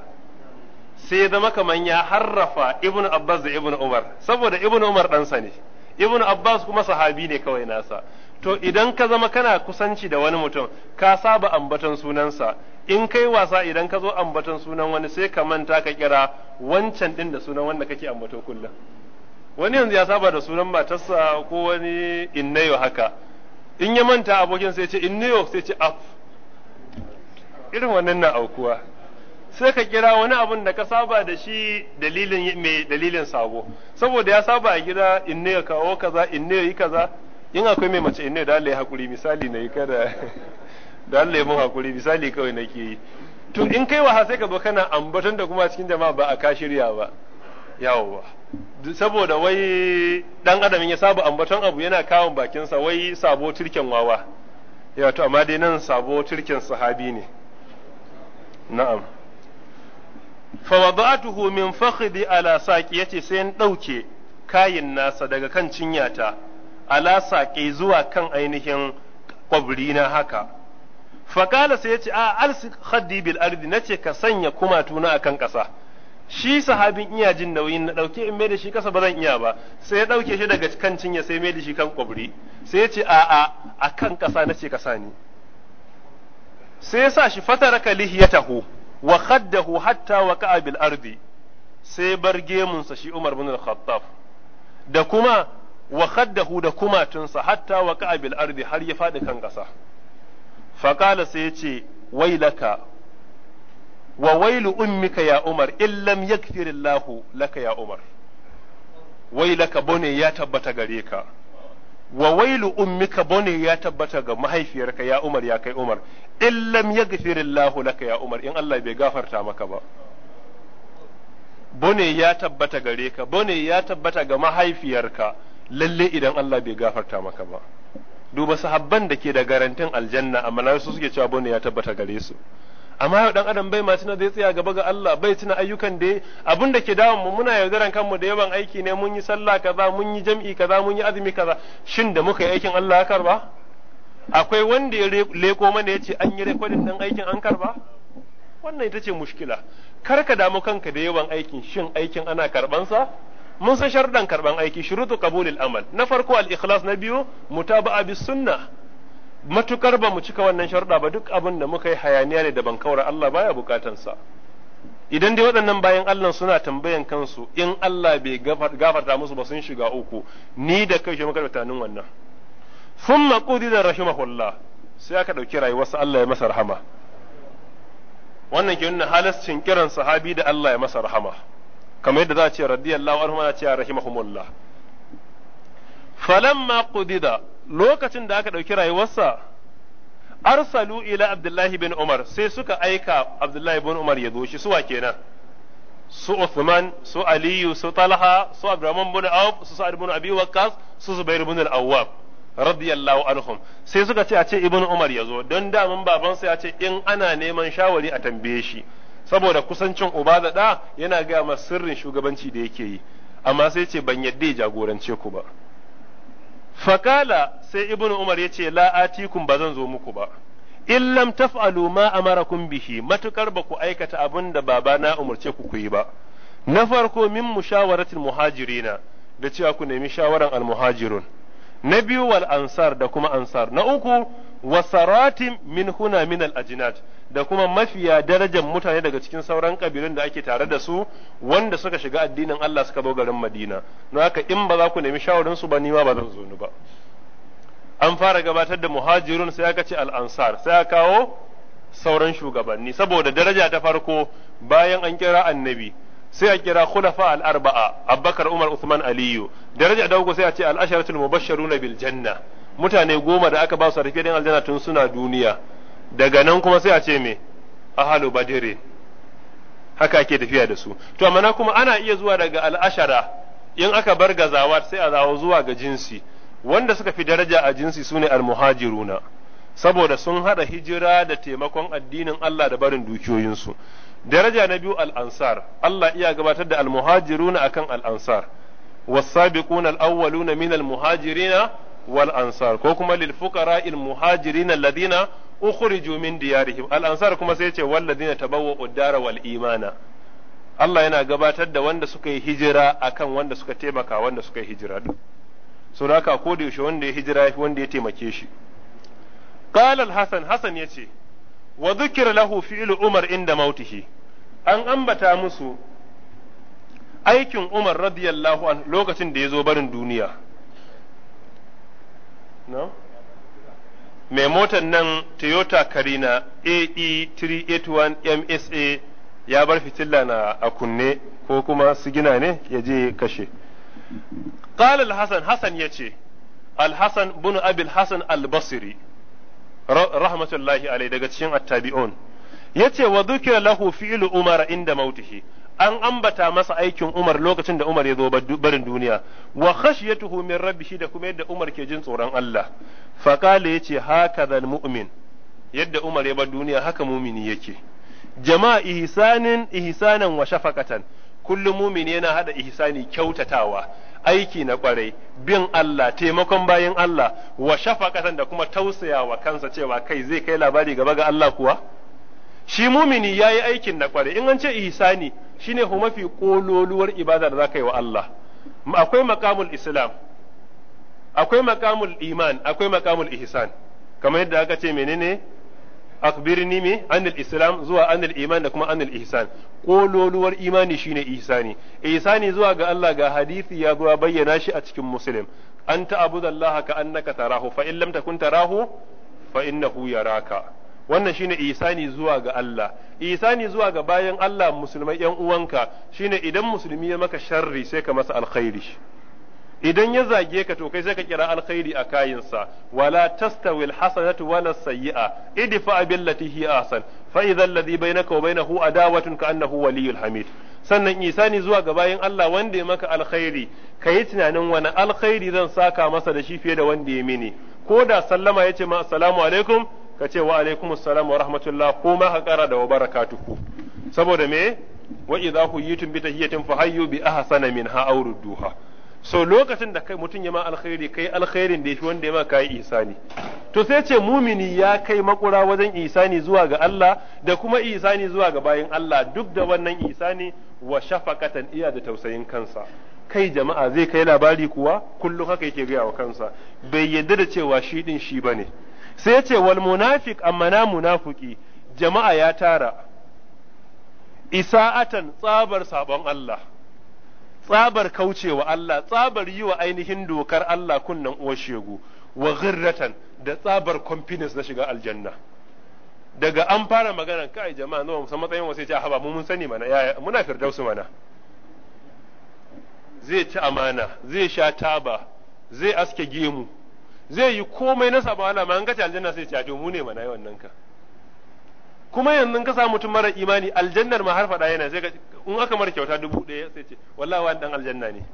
sai zama kaman ya harrafa ibn Abbas da ibn Umar saboda ibn Umar ɗansa ne ibn Abbas kuma sahabi ne kawai nasa to idan ka zama kana kusanci da wani mutum ka saba ambaton sunansa in kai wasa idan ka zo ambaton sunan wani sai ka manta ka kira wancan din da sunan wanda kake ambato kullum wani yanzu ya saba da sunan matarsa ko wani innayo haka in ya manta abokin sai ce innayo sai ce af irin wannan na aukuwa sai ka kira wani abun da ka saba da shi dalilin mai dalilin sabo saboda ya saba a gida innayo kawo kaza innayo yi kaza in akwai mai mace in ne da Allah ya hakuri misali na yi kada da Allah ya mun hakuri misali kawai nake yi to in kai wa sai ka zo kana ambaton da kuma cikin jama'a ba a ka shirya ba yawwa saboda wai dan adam ya saba ambaton abu yana kawon bakinsa wai sabo turken wawa ya to amma dai nan sabo turken sahabi ne na'am fa wada'tuhu min fakhdi ala saqi yace sai in dauke kayin nasa daga kan cinyata ala saƙe zuwa kan ainihin ƙwabri na haka Fakala sai ya ce a alsi haddi bil ardi na ce ka sanya kumatuna akan ƙasa shi sahabin iya jin nauyin na ɗauke in mai da shi kasa ba zan iya ba sai ya ɗauke shi daga kan cinya sai mai da shi kan ƙwabri sai ya ce a a a kan ƙasa na ce ka sa ni. sai ya sa shi ya taho wa khaddahu hatta ka'a bil ardi sai bar gemunsa shi Umar bin khattab da kuma wa khaddahu da kumatunsa hatta wa ka'abil ardi har ya fadi kan ƙasa faƙala sai yace ce wailaka wa wailu ummika ya umar illam yakfirillahu laka ya umar wailaka bone ya tabbata gare ka wa wailu ummika bone ya tabbata ga mahaifiyarka ya umar ya kai umar illam yakfirillahu laka ya umar in Allah bai gafarta maka ba bone ya tabbata gare ka bone ya tabbata ga mahaifiyarka lalle idan Allah bai gafarta maka ba duba sahabban da ke da garantin aljanna amma na su suke cewa bone ya tabbata gare su amma yau dan adam bai ma tuna zai tsaya gaba ga Allah bai tuna ayyukan da abin da ke damun mu muna yaudaran kanmu da yawan aiki ne mun yi sallah kaza mun yi jam'i kaza mun yi azumi kaza shin da muka yi aikin Allah ya karba akwai wanda ya leko mana yace an yi rekodin dan aikin an karba wannan ita ce mushkila kar ka damu kanka da yawan aikin shin aikin ana karban sa mun san sharuɗan karban aiki shurutu qabulil amal na farko al ikhlas na biyu mutaba'a bis sunna matukar ba mu cika wannan sharuɗa ba duk abin da muka yi hayaniya ne da ban kaura Allah baya sa. idan dai waɗannan bayan Allah suna tambayan kansu in Allah bai gafarta musu ba sun shiga uku ni da kai shi muka tunanin wannan thumma qudida rahimahullah sai aka dauki rayuwarsa Allah ya masa rahama wannan ke nuna halascin kiran sahabi da Allah ya masa rahama kamar yadda za a ce radiyallahu anhu ana cewa rahimahumullah falamma qudida lokacin da aka ɗauki rayuwarsa arsalu ila abdullahi bin umar sai suka aika abdullahi bin umar ya zo shi suwa kenan su Uthman su Aliyu su Talha su Abdurrahman bin Auf su Sa'ad bin Abi Waqqas su Zubair bin Al-Awwab radiyallahu anhum sai suka ce a ce ibnu Umar ya zo don da baban sa ya ce in ana neman shawari a tambaye shi saboda kusancin uba da ɗa yana gaya masa sirrin shugabanci da yake yi amma sai ce ban yadda ya jagorance ku ba fakala sai ibnu umar ya ce la atikum ba zan zo muku ba in taf'alu ma amarakum bihi matukar ba ku aikata abin da baba na umarce ku ku yi ba na farko min mushawaratil muhajirina da cewa ku nemi shawaran almuhajirun na biyu wal ansar da kuma ansar na uku wa saratin min huna min al ajnad da kuma mafiya darajar mutane daga cikin sauran kabilun da ake tare da su wanda suka shiga addinin Allah suka zo garin Madina don haka in ba za ku nemi shawarin su ba ni ma ba zan zo ba an fara gabatar da muhajirun sai aka ce al ansar sai aka kawo sauran shugabanni saboda daraja ta farko bayan an kira annabi sai a kira khulafa al arba'a abubakar umar usman aliyu daraja da uku sai a ce al asharatul mubashsharuna bil janna mutane goma da aka ba su rufe din aljanna tun suna duniya daga nan kuma sai a ce me ahalu badiri haka ake tafiya da su to amma kuma ana iya zuwa daga al'ashara in aka bar gazawa sai a zawo zuwa ga jinsi wanda suka fi daraja a jinsi sune almuhajiruna saboda sun hada hijira da taimakon addinin Allah da barin dukiyoyinsu daraja na biyu al'ansar Allah iya gabatar da almuhajiruna akan al'ansar ansar والسابقون الأولون من المهاجرين Wal'ansar ansar ko kuma lil fuqara al muhajirin alladhina ukhriju min kuma sai ce wal ladina tabawwa'u ad-dara imana Allah yana gabatar da wanda suka yi hijira akan wanda suka taimaka wanda suka yi hijira din so ko da yaushe wanda ya hijira yafi wanda ya taimake shi qala al hasan hasan yace wa dhukira lahu fi'lu umar inda mautihi an ambata musu aikin Umar radiyallahu an lokacin da ya zo barin duniya no mai motar nan Toyota Karina AE381 MSA ya bar fitila na a kunne ko kuma sigina ne ya je kashe. Qala al-Hasan ya yace Al-Hasan bin Abil Hassan Al-Basri rahmatullahi alai daga cikin attabi'un yace wa dhukira lahu fi'lu Umar inda mautihi an ambata masa aikin Umar lokacin da Umar ya zo barin duniya wa khashyatuhu min rabbihi da kuma yadda Umar ke jin tsoron Allah fa kale yace hakadha mu'min yadda Umar ya bar duniya haka mumini yake jama'a ihsanin ihsanan wa shafaqatan kullum mumini yana hada ihsani kyautatawa aiki na kwarai bin Allah taimakon bayin Allah wa shafaqatan da kuma tausayawa kansa cewa kai zai kai labari gaba ga Allah kuwa shi mumini yayi aikin na kwarai in an ce ihsani shine ho mafi kololuwar ibada da zaka yi wa Allah akwai makamul islam akwai makamul iman akwai makamul ihsan kamar yadda aka ce menene akbirni me anil islam zuwa anil iman da kuma anil ihsan kololuwar imani shine ihsani ihsani zuwa ga Allah ga hadisi ya zuwa bayyana shi a cikin muslim anta abudallaha ka annaka tarahu fa in lam takun tarahu fa innahu yaraka wannan shine isani zuwa ga Allah isani zuwa ga bayan Allah musulmai yan uwanka shine idan musulmi ya maka sharri sai ka masa alkhairi idan ya zage ka to kai sai ka kira alkhairi a kayinsa wala tastawi alhasanatu wala sayyi'a idfa billati hi ahsan fa idha alladhi bainaka wa bainahu adawatun ka annahu waliyyul hamid sannan isani zuwa ga bayan Allah wanda ya maka alkhairi kai tunanin wani alkhairi zan saka masa da shi fiye da wanda ya mini ko da sallama yace ma assalamu alaikum ka ce wa alaikum assalam wa rahmatullah ko ma ka kara da wa barakatuhu saboda me wa idza huyitum bi tahiyatin fa hayyu bi ahsana minha aw rudduha so lokacin da kai mutum ya ma alkhairi kai alkhairin da yafi wanda ya ma kai isani to sai ce mumini ya kai makura wajen isani zuwa ga Allah da kuma isani zuwa ga bayin Allah duk da wannan isani wa shafaqatan iya da tausayin kansa kai jama'a zai kai labari kuwa kullum haka yake gaya wa kansa bai yadda da cewa shi din shi bane sai ya ce wal munafiq amma na munafiki jama'a ya tara isa'atan tsabar sabon Allah tsabar kaucewa Allah tsabar yi wa ainihin dokar Allah kunnan uwar shegu wa ghirratan da tsabar confidence na shiga aljanna daga an fara magana kai jama'a nawa musamman sai wasu ya ce haba mu mun sani mana yaya muna firdausu mana zai ci amana zai sha taba zai aske gemu zai yi komai na saba Allah ma an gaci aljanna sai ce mu ne mana yawan wannan ka kuma yanzu ka samu mutum mara imani aljannar ma har faɗa yana sai in aka mara kyauta dubu ɗaya sai ce wallahi wani dan aljanna ne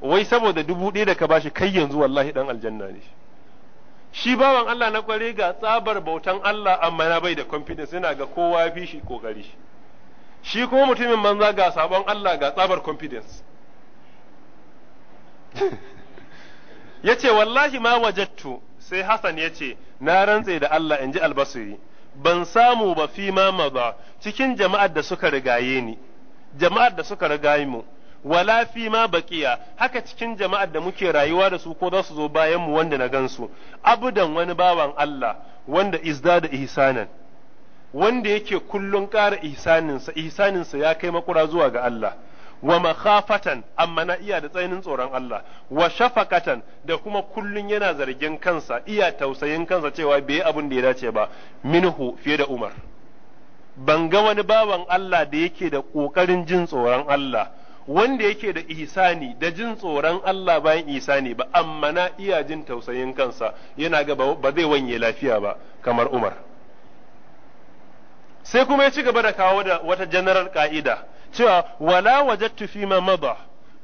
wai saboda dubu ɗaya da ka bashi kai yanzu wallahi dan aljanna ne shi bawan Allah na kware ga tsabar bautan Allah amma na bai da confidence yana ga kowa fi shi kokari shi kuma mutumin manza ga sabon Allah ga tsabar confidence [laughs] yace wallahi ma wajattu sai Hassan ce, na rantse da Allah in ji albasiri ban samu ba fi ma maza cikin jama'ar da suka rigaye ni jama'ar da suka rigaye mu wala fi ma baqiya haka cikin jama'ar da muke rayuwa da su ko za su zo bayan mu wanda na gansu abudan wani bawan Allah wanda izdada da ihsanan wanda yake kullun ƙara ihsanin sa ya kai makura zuwa ga Allah wa makhafatan amma na iya da tsainin tsoron Allah wa shafaqatan da kuma kullun yana zargin kansa iya tausayin kansa cewa bai abun da ya dace ba minhu fiye da Umar ban ga wani bawan Allah da yake da kokarin jin tsoron Allah wanda yake da ihsani da jin tsoron Allah bayan ihsani ba amma na iya jin tausayin kansa yana ga ba zai wanye lafiya ba kamar Umar sai kuma ya ci gaba da kawo da wata general ka'ida cewa wala wajattu fi ma mada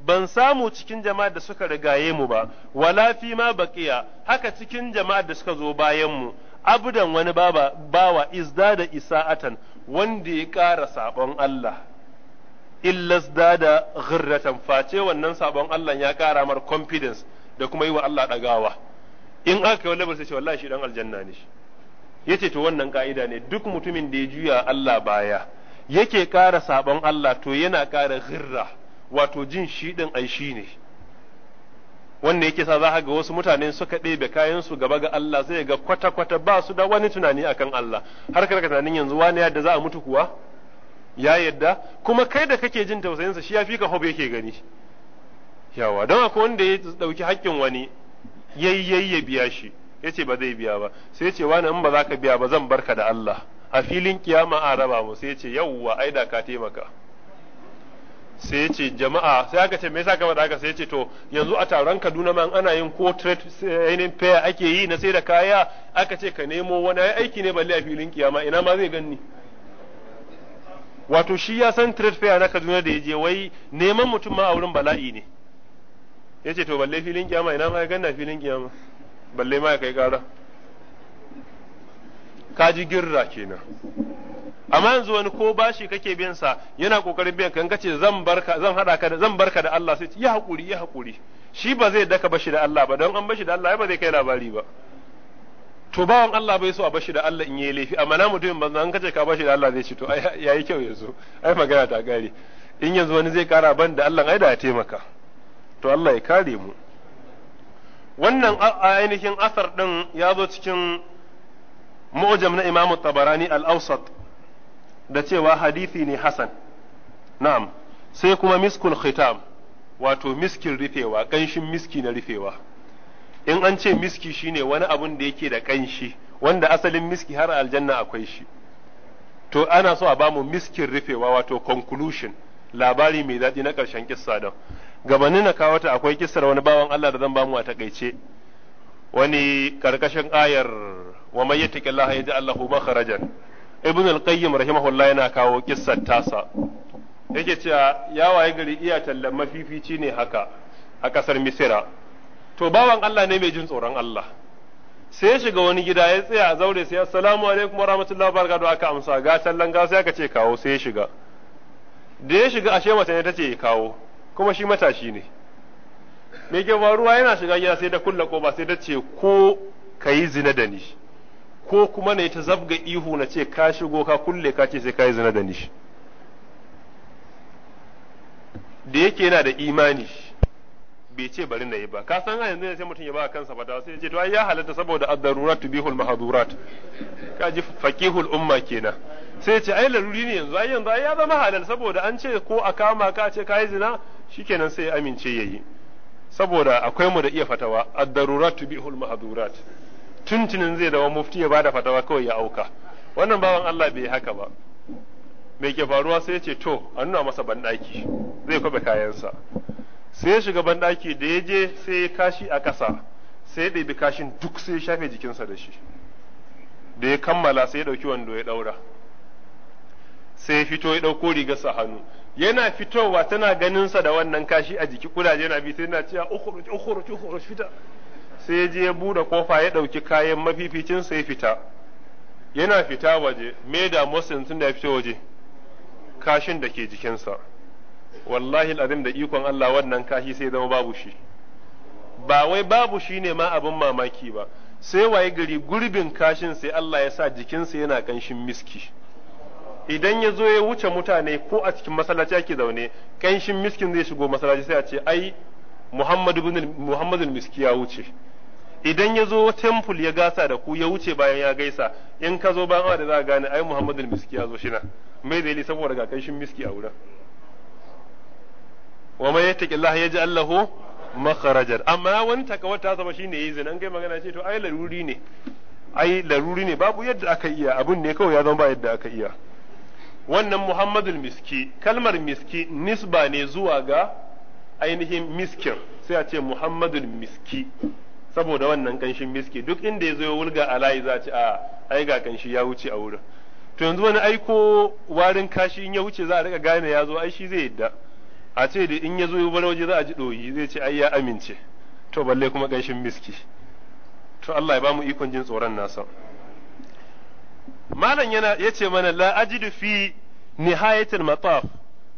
ban samu cikin jama'ar da suka rigaye mu ba wala fi ma baqiya haka cikin jama'ar da suka zo bayan mu abdan wani baba bawa izdada da isa'atan wanda ya kara sabon Allah illa da da ghirratan face wannan sabon Allah ya ƙara mar confidence da kuma yi wa Allah dagawa in aka yi wani sai ce wallahi shi dan aljanna ne shi ya ce to wannan ka'ida ne duk mutumin da ya juya Allah baya yake kara sabon Allah to yana kara ghirra wato jin shi din ai shi ne wanda yake sa za ga wasu mutane suka ɗebe kayan su gaba ga Allah sai ga kwata kwata ba su da wani tunani akan Allah har ka tunanin yanzu wani yadda za a mutu kuwa ya yadda kuma kai da kake jin tausayin sa shi ya fi ka hobe yake gani yawa don akwai wanda ya ɗauki haƙƙin wani yayyayi ya biya shi yace ba zai biya ba sai yace wani in ba za ka biya ba zan barka da Allah a filin kiyama a raba mu sai yace yawwa ai da ka taimaka sai yace jama'a sai aka ce me yasa ka faɗa haka sai yace to yanzu a taron Kaduna ma ana yin ko trade eh, ainihin fair ake yi na sai da kaya aka ce ka nemo wani aiki ne balle a filin kiyama ina ma zai ganni wato shi ya san trade fair na Kaduna da yaje wai neman mutum ma a wurin bala'i ne yace to balle filin kiyama ina ma ya ganna filin kiyama balle ma ya kai ƙara ka ji girra kenan amma yanzu wani ko bashi kake bin sa yana kokarin biyan kan kace zan barka zan hada ka da zan barka da Allah sai ya hakuri ya hakuri shi ba zai daka bashi da Allah ba don an bashi da Allah ba zai kai labari ba to bawan Allah bai so a bashi da Allah in yayi laifi amma na mutumin ba zan kace ka bashi da Allah zai ci to ai yayi kyau yanzu ai magana ta gari in yanzu wani zai kara ban da Allah ai da ya taimaka to Allah ya kare mu wannan ainihin asar ɗin ya zo cikin mu'jam na imamu tabarani al-awsat da cewa hadithi ne hasan na'am sai kuma miskul khitam wato miskin rufewa ƙanshin miski na rufewa in an ce miski shine wani abun da yake da ƙanshi wanda asalin miski har aljanna akwai shi to ana so a bamu miskin rufewa wato conclusion labari mai daɗi na ƙarshen kissa don gabanin na kawo ta akwai kisar wani bawan Allah da zan bamu a takaice wani karkashin ayar wa may ya yaj'al lahu makharajan ibn al-qayyim rahimahullah yana kawo kissar tasa yake cewa ya waye gari iya tallan mafifici ne haka a kasar misira to bawan Allah ne mai jin tsoron Allah sai ya shiga wani gida ya tsaya a zaure sai assalamu alaikum wa rahmatullahi wa barakatuh aka amsa ga tallan ga sai aka ce kawo sai ya shiga da ya shiga ashe mace ne tace kawo kuma shi matashi ne mai gaba ruwa yana shiga gida sai da kulla ba sai da ce ko ka yi zina da ni ko kuma na ta zabga ihu na ce ka shigo ka kulle ka ce sai ka yi zina da ni da yake yana da imani bai ce bari na yi ba ka san a yanzu sai mutum ya ba kansa ba. sai ya ce to ai ya halatta saboda ad-darurat tubihul mahdurat ka ji faqihul umma kenan sai ya ce ai laruri ne yanzu ai yanzu ai ya zama halal saboda an ce ko a kama ka ce ka yi zina shikenan sai ya amince yayi saboda akwai mu da iya fatawa ad-darurat tubihul mahdurat tuntunin zai dawo mufti ya bada fatawa kawai ya auka wannan bawan Allah bai haka ba mai ke faruwa sai ya ce to a nuna masa banɗaki zai kwabe kayansa sai ya shiga banɗaki da ya je sai ya kashi a ƙasa sai ya ɗebi kashin duk sai ya shafe jikinsa da shi da ya kammala sai ya ɗauki wando ya ɗaura sai ya fito ya ɗauko rigarsa hannu yana fitowa tana ganinsa da wannan kashi a jiki kudaje na bi sai yana cewa ukhruj ukhruj ukhruj fita sai ya je ya bude kofa ya dauki kayan mafificin sai fita yana fita waje me da musin tunda ya fito waje kashin da ke jikinsa wallahi al'azim da ikon Allah wannan kashi sai zama babu shi ba wai babu shi ne ma abin mamaki ba sai waye gari gurbin kashin sai Allah ya sa jikinsa yana kanshin miski idan ya zo ya wuce mutane ko a cikin masallaci ake zaune kanshin miskin zai shigo masallaci sai a ce ai Muhammadu Muhammadu miski ya wuce idan ya zo temple ya gasa da ku ya wuce bayan ya gaisa in ka zo bayan da za a gane ai Muhammadu miski ya zo na mai dalili saboda ga kanshin miski a wurin wa man ya ji allahu makarajar amma wani takawar ta zama shine yayi zina an kai magana ce to ai laruri ne ai laruri ne babu yadda aka iya abun ne kawai ya zama ba yadda aka iya wannan Muhammadul miski kalmar miski nisba ne zuwa ga ainihin miskin sai a ce Muhammadul miski saboda wannan kanshin miski duk inda ya zo ya wulga a layi za a ce a ai ga kanshi ya wuce a wurin to yanzu wani aiko warin kashi in ya wuce za a rika gane ya zo ai shi zai yadda a ce da in ya zo ya waje za a ji doyi zai ce ai ya amince to balle kuma kanshin miski to Allah ya bamu ikon jin tsoron nasa malam yana yace mana la ajidu fi nihayatil mataf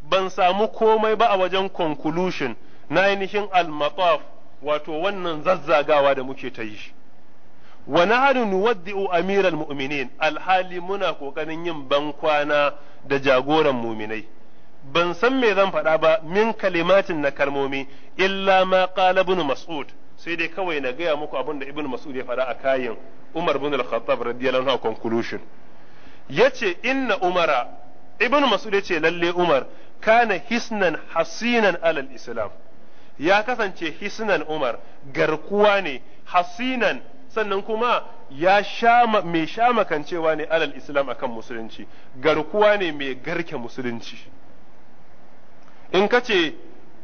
ban samu komai ba a wajen conclusion na ainihin al mataf wato wannan zazzagawa da muke ta yi wa nahnu nuwaddi'u amiral mu'minin alhali muna kokarin yin bankwana da jagoran mu'minai ban san me zan faɗa ba min kalimatin na kalmomi illa ma qala ibn mas'ud sai dai kawai na gaya muku abin da ibn mas'ud ya faɗa a kayin umar bin al-khattab radiyallahu anhu conclusion yace inna umara ibnu mas'ud yace lalle umar kana hisnan hasinan alal islam ya kasance hisnan umar garkuwa ne hasinan sannan kuma ya shama mai shamakancewa ne alal islam akan musulunci garkuwa ne mai garke musulunci in kace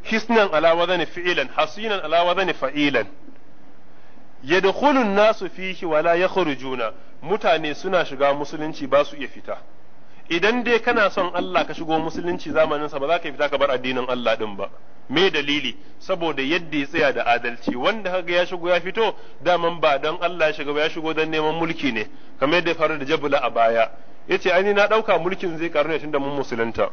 hisnan alawa zane fi'ilan hasinan alawa zane fa'ilan yadkhulun nasu fihi wala yakhrujuna mutane suna shiga musulunci ba su iya fita idan dai kana son Allah ka shigo musulunci zamanin sa ba za ka fita ka bar addinin Allah din ba me dalili saboda yadda ya tsaya da adalci wanda kaga ya shigo ya fito daman ba dan Allah ya shiga ba ya shigo don neman mulki ne kamar yadda faru da Jabula a baya yace ai na dauka mulkin zai karu ne tunda mun musulunta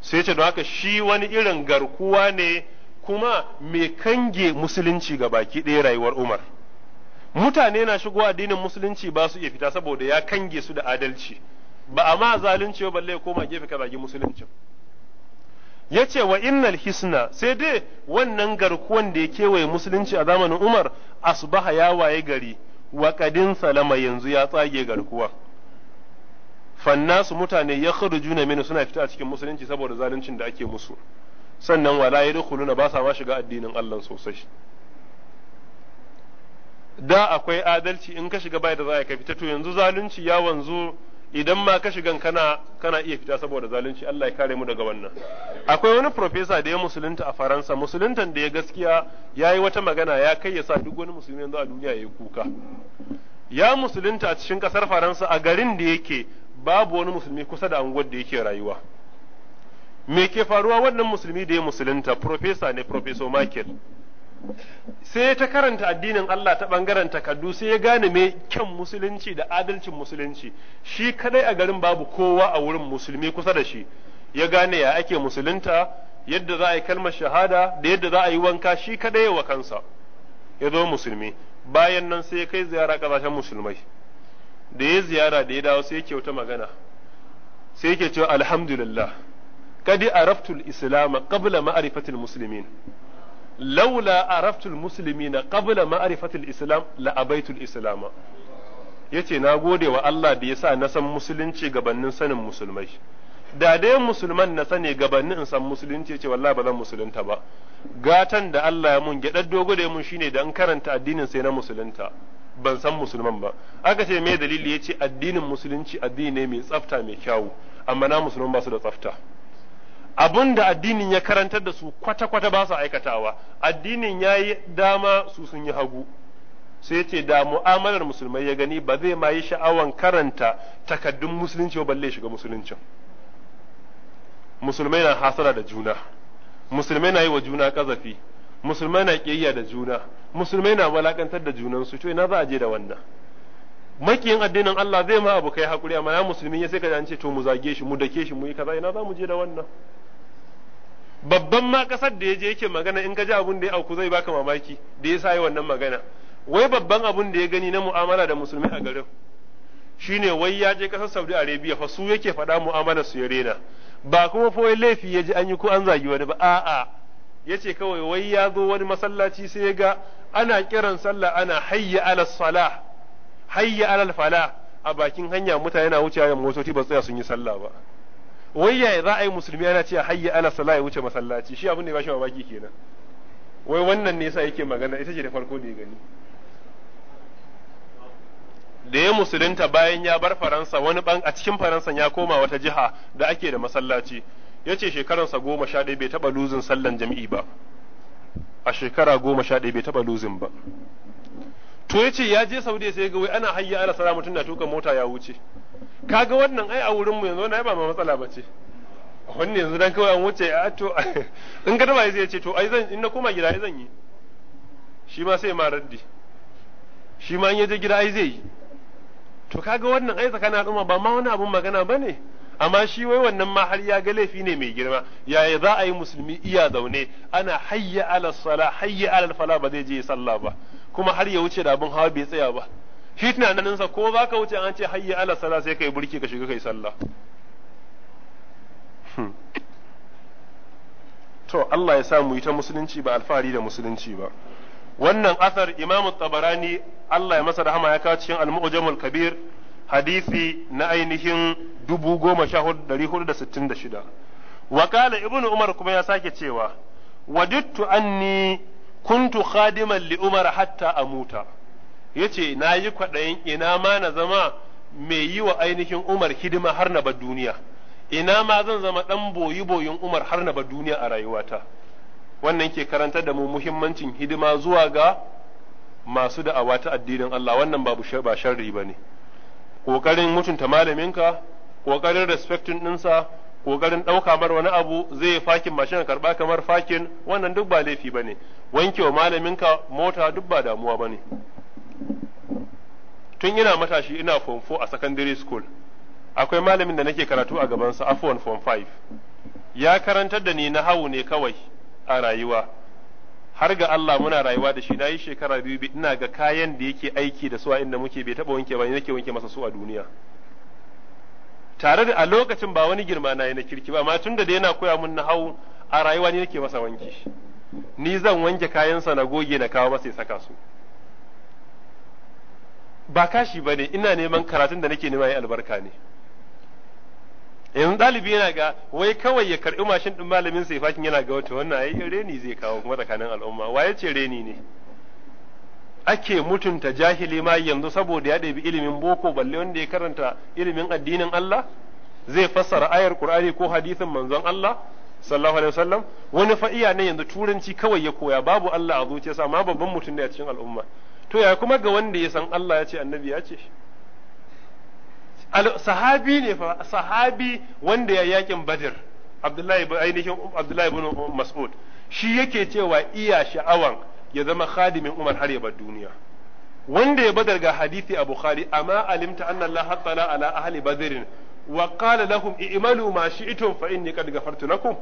sai ce don haka shi wani irin garkuwa ne kuma mai kange musulunci ga baki ɗaya rayuwar Umar. Mutane na shigo addinin musulunci ba su iya fita saboda ya kange su da adalci, ba a ma zalunci ba balle koma gefe ka zagi musuluncin. Ya ce wa innal hisna sai dai wannan garkuwan da ya kewaye musulunci a zamanin Umar asbaha ya waye gari wa kadin salama yanzu ya tsage garkuwa. Fannasu mutane ya juna mini suna fita a cikin musulunci saboda zaluncin da ake musu. sannan wala ya yadkhuluna ba sa ma shiga addinin Allah sosai da akwai adalci in ka shiga bai da za ka fita to yanzu zalunci ya wanzu idan ma ka shigan kana kana iya fita saboda zalunci Allah ya kare mu daga wannan akwai wani profesa da ya musulunta a Faransa musuluntan da ya gaskiya yayi wata magana ya kai ya sa duk wani musulmi yanzu a duniya ya kuka ya musulunta a cikin kasar Faransa a garin da yake babu wani musulmi kusa da unguwar da yake rayuwa me ke faruwa wannan musulmi da ya musulunta profesa ne professor Michael sai ya ta karanta addinin Allah ta bangaren takardu sai ya gane me kyan musulunci da adalcin musulunci shi kadai a garin babu kowa a wurin musulmi kusa da shi ya gane ya ake musulunta yadda za a yi kalmar shahada da yadda za a yi wanka shi kadai wa kansa ya zo musulmi bayan nan sai ya kai ziyara kasashen musulmai da ya ziyara da ya dawo sai ya kyauta magana sai ke cewa alhamdulillah kadi araftul islam qabla ma'rifatil muslimin laula araftul na qabla ma'rifatil islam la abaitul islam yace na gode wa Allah da yasa na san musulunci gabanin sanin musulmai da dai musulman na sani gabanin in san musulunci ce wallahi ba zan musulunta ba gatan da Allah ya mun gyaɗar dogo da mun shine da an karanta addinin sai na musulunta ban san musulman ba aka ce me dalili yace addinin musulunci addini ne mai tsafta mai kyawu amma na musulman ba su da tsafta abin da addinin ya karantar da su kwata-kwata ba su aikatawa addinin ya yi dama su sun yi hagu sai ce da mu'amalar musulmai ya gani ba zai ma yi sha'awan karanta takaddun musulunci ba balle shiga musuluncin musulmai na hasara da juna musulmai na yi wa juna kazafi musulmai na kiyayya da juna musulmai na walakantar da junansu to ina za a je da wannan makiyin addinin Allah zai ma abu kai hakuri amma ya musulmi ya sai ka an ce to mu zage shi mu dake shi mu yi kaza ina za mu je da wannan babban ma kasar da ya je yake magana in ka ji abun da ya auku zai baka mamaki da ya sa wannan magana wai babban abun da ya gani na mu'amala da musulmi a garin shine wai ya je kasar Saudi Arabia fa su yake faɗa mu'amalar su ya rena ba kuma fa laifi ya ji an yi ko an zagi wani ba a'a ya ce kawai wai ya zo wani masallaci sai ya ga ana kiran sallah ana hayya ala salah hayya ala falah a bakin hanya mutane na wucewa motoci ba tsaya sun yi sallah ba wai yaya za a yi musulmi ana cewa hayya ala sala ya wuce masallaci shi abin da ya bashi mamaki kenan wai wannan ne yasa yake magana ita ce da farko da ya gani da ya musulunta bayan ya bar faransa wani ban a cikin faransa ya koma wata jiha da ake da masallaci ya ce shekaransa goma sha ɗaya bai taɓa luzin sallan jam'i ba a shekara goma sha ɗaya bai taɓa luzin ba to yace ya je Saudi sai ga wai ana hayya ala sala mutun na tuka mota ya wuce kaga wannan ai a wurin mu yanzu na ba ma matsala bace wannan yanzu dan kawai an wuce a to [laughs] in ga dama zai ce to ai zan in na koma gida ai zan yi shi ma sai ma raddi shi ma in ya je gida ai zai yi to kaga wannan ai tsakanin al'umma ba ma wani abun magana bane amma shi wai wannan ma har ya ga laifi ne mai girma yaya za a yi musulmi iya zaune ana hayya ala sala hayya ala fala ba zai je sallah ba kuma har ya wuce da abin hawa bai tsaya ba shi tunanin sa ko zaka wuce an ce hayya ala sala sai kai burki ka shiga kai sallah hmm. to Allah ya sa mu yi ta musulunci ba alfahari da musulunci ba wannan asar Imam Tabarani Allah ya masa rahama ya kawo cikin Al-Mu'jamul Kabir hadisi na ainihin dubu goma sha hudu dari hudu da sittin da shida. Wakala Ibnu Umar kuma ya sake cewa, wajittu anni kuntu khadiman li umar hatta amuta yace na yi kwaɗayin ina ma na zama mai yi wa ainihin umar hidima har na bar duniya ina ma zan zama ɗan boyi boyin umar har na bar duniya a rayuwata wannan ke karantar da mu muhimmancin hidima zuwa ga masu da'awa ta addinin Allah wannan babu ba sharri bane kokarin mutunta malaminka kokarin respecting ɗinsa kokarin ɗauka mar wani abu zai fakin mashin karɓa kamar fakin wannan duk ba laifi ba ne wanke wa malaminka mota duk ba damuwa ba ne tun ina matashi ina form 4 a secondary school akwai malamin da nake karatu a gabansa a form 5 ya karantar da ni na hawu ne kawai a rayuwa har ga Allah muna rayuwa da shi na yi shekara biyu ina ga kayan da yake aiki da su a inda muke bai taɓa wanke ba nake wanke masa su a duniya tare da a lokacin ba wani girma na yi na kirki ba amma tun da yana koya mun na hau a rayuwa ni nake masa wanki ni zan wanke kayansa na goge na kawo masa ya saka su ba kashi ba ne ina neman karatun da nake nema yi albarka ne yanzu ɗalibi yana ga wai kawai ya karɓi mashin ɗin malamin sai fakin yana ga wata wannan ai reni zai kawo kuma tsakanin al'umma waye ce reni ne ake mutunta jahili ma yanzu saboda ya ɗabi ilimin boko balle wanda ya karanta ilimin addinin Allah zai fassara ayar Qur'ani ko hadisin manzon Allah sallallahu alaihi wasallam wani fa iya ne yanzu turanci kawai ya koya babu Allah a zuciyarsa amma babban mutum ne a cikin al'umma to ya kuma ga wanda ya san Allah ya ce annabi ya ce sahabi ne fa sahabi wanda ya yakin Badr Abdullahi ainihin Abdullahi ibn Mas'ud shi yake cewa iya sha'awan ya zama khadimin Umar har ya bar duniya wanda ya badar ga hadithi a Bukhari amma alimta anna Allah hattala ala ahli badirin wa qala lahum i'malu ma shi'tum fa inni qad ghafartu lakum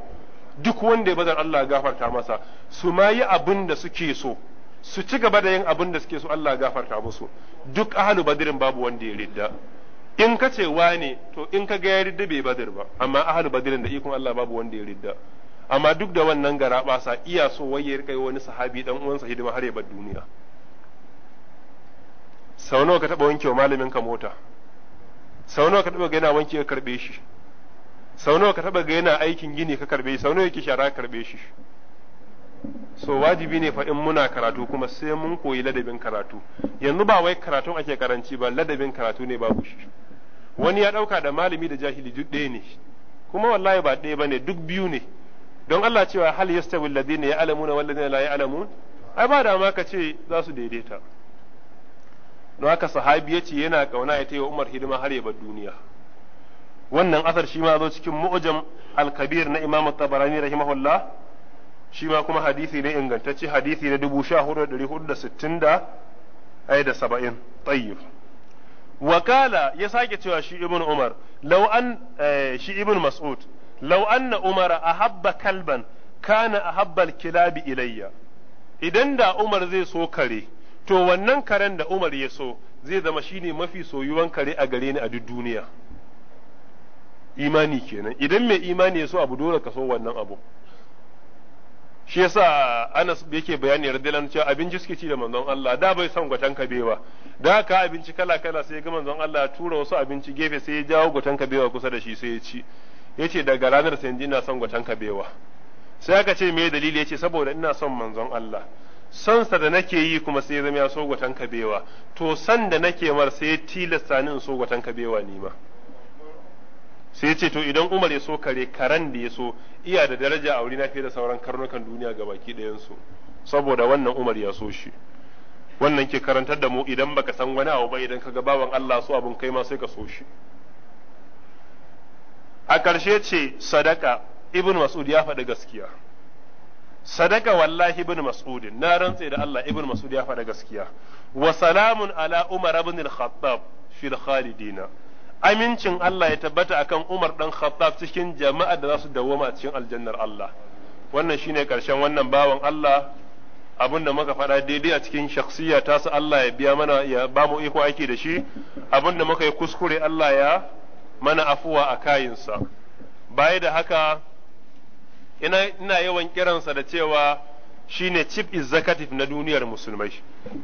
duk wanda ya badar Allah gafarta masa su ma yi abin da suke so su ci gaba da yin abin da suke so Allah gafarta musu duk ahlu badirin babu wanda ya ridda in ka ce wane to in ka ga ya ridda bai badar ba amma ahlu badirin da ikon Allah babu wanda ya ridda amma duk da wannan gara sa iya so waye ya rika wani sahabi dan uwansa hidima har ya bar duniya sau nawa ka taba wanke wa malamin ka mota sau nawa ka taba ga yana wanke ka karbe shi sau nawa ka taba ga yana aikin gini ka karbe shi sau nawa yake shara ka karbe shi so wajibi ne fa in muna karatu kuma sai mun koyi ladabin karatu yanzu ba wai karatun ake karanci ba ladabin karatu ne babu shi wani ya dauka da malami da jahili duk ɗaya ne kuma wallahi ba ɗaya bane duk biyu ne don Allah cewa hal yastawi alladhina ya'lamuna wal ladina la ya'lamun ai ba da ma ka ce za su daidaita don haka sahabi ya ce yana kauna ya taya Umar hidima har ya bar duniya wannan asar shi ma zo cikin mu'jam al-kabir na Imam Tabarani rahimahullah shi ma kuma hadisi ne ingantacce hadisi na 14460 da ai da 70 tayyib wakala ya sake cewa shi ibn Umar lau an eh, shi ibn Mas'ud law anna umara ahabba kalban kana ahabbal kilabi ilayya idan da umar zai so kare to wannan karen da umar ya so zai zama shine mafi soyuwan kare a gare ni a duk duniya imani kenan idan mai imani ya so abu dole ka so wannan abu shi yasa Anas yake bayani radilan cewa abinci suke ci da manzon Allah da bai son gwatan kabewa da haka abinci kala kala sai ga manzon Allah tura wasu abinci gefe sai ya jawo gwatan kabewa kusa da shi sai ya ci ya ce daga ranar sai ina son gwatan kabewa sai aka ce me dalili ya ce saboda ina son manzon Allah sonsa da nake yi kuma sai zama ya so gwatan kabewa to san da nake mar sai tilasta ni in so gwatan kabewa ni ma sai ce to idan Umar ya so kare karan da ya so iya da daraja a wuri na fiye da sauran karnukan duniya ga baki ɗayansu saboda wannan Umar ya so shi wannan ke karantar da mu idan baka san wani abu ba idan ka ga bawan Allah so abun kai ma sai ka so shi a ƙarshe ce sadaka ibn mas'ud ya faɗi gaskiya sadaka wallahi ibn mas'ud na rantse da Allah ibn mas'ud ya faɗi gaskiya wa salamun ala umar ibn al-khattab al-khalidin amincin Allah ya tabbata akan umar dan khattab cikin jama'a da zasu su dawoma cikin aljannar Allah wannan shine karshen wannan bawan Allah abin da muka faɗa daidai a cikin shakhsiya ta su Allah ya biya mana ya ba iko aiki da shi abin da muka yi kuskure Allah ya mana afuwa a kayinsa baya da haka ina, yawan kiransa da cewa shine chief executive na duniyar musulmai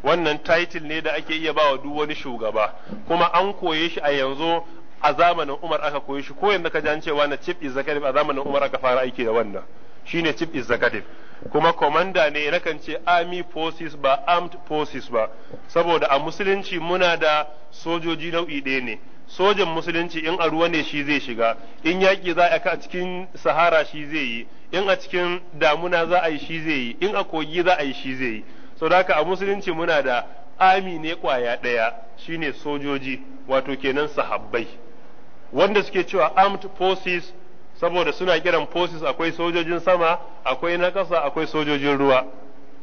wannan title ne da ake iya bawa duk wani shugaba kuma an koye shi a yanzu a zamanin Umar aka koye shi ko yanzu ka ji cewa na chief executive a zamanin Umar aka fara aiki da wannan shine chief executive kuma komanda ne na kan ce army forces ba armed forces ba saboda a musulunci muna da sojoji nau'i ɗaya ne sojan musulunci in a ruwa ne shi zai shiga in yaƙi za a a cikin sahara shi zai yi in a cikin damuna za a yi shi zai yi in a kogi za a yi shi zai yi so da a musulunci muna da ami ne kwaya ɗaya shine sojoji wato kenan sahabbai wanda suke cewa armed forces saboda suna kiran forces akwai sojojin sama akwai na ƙasa akwai sojojin ruwa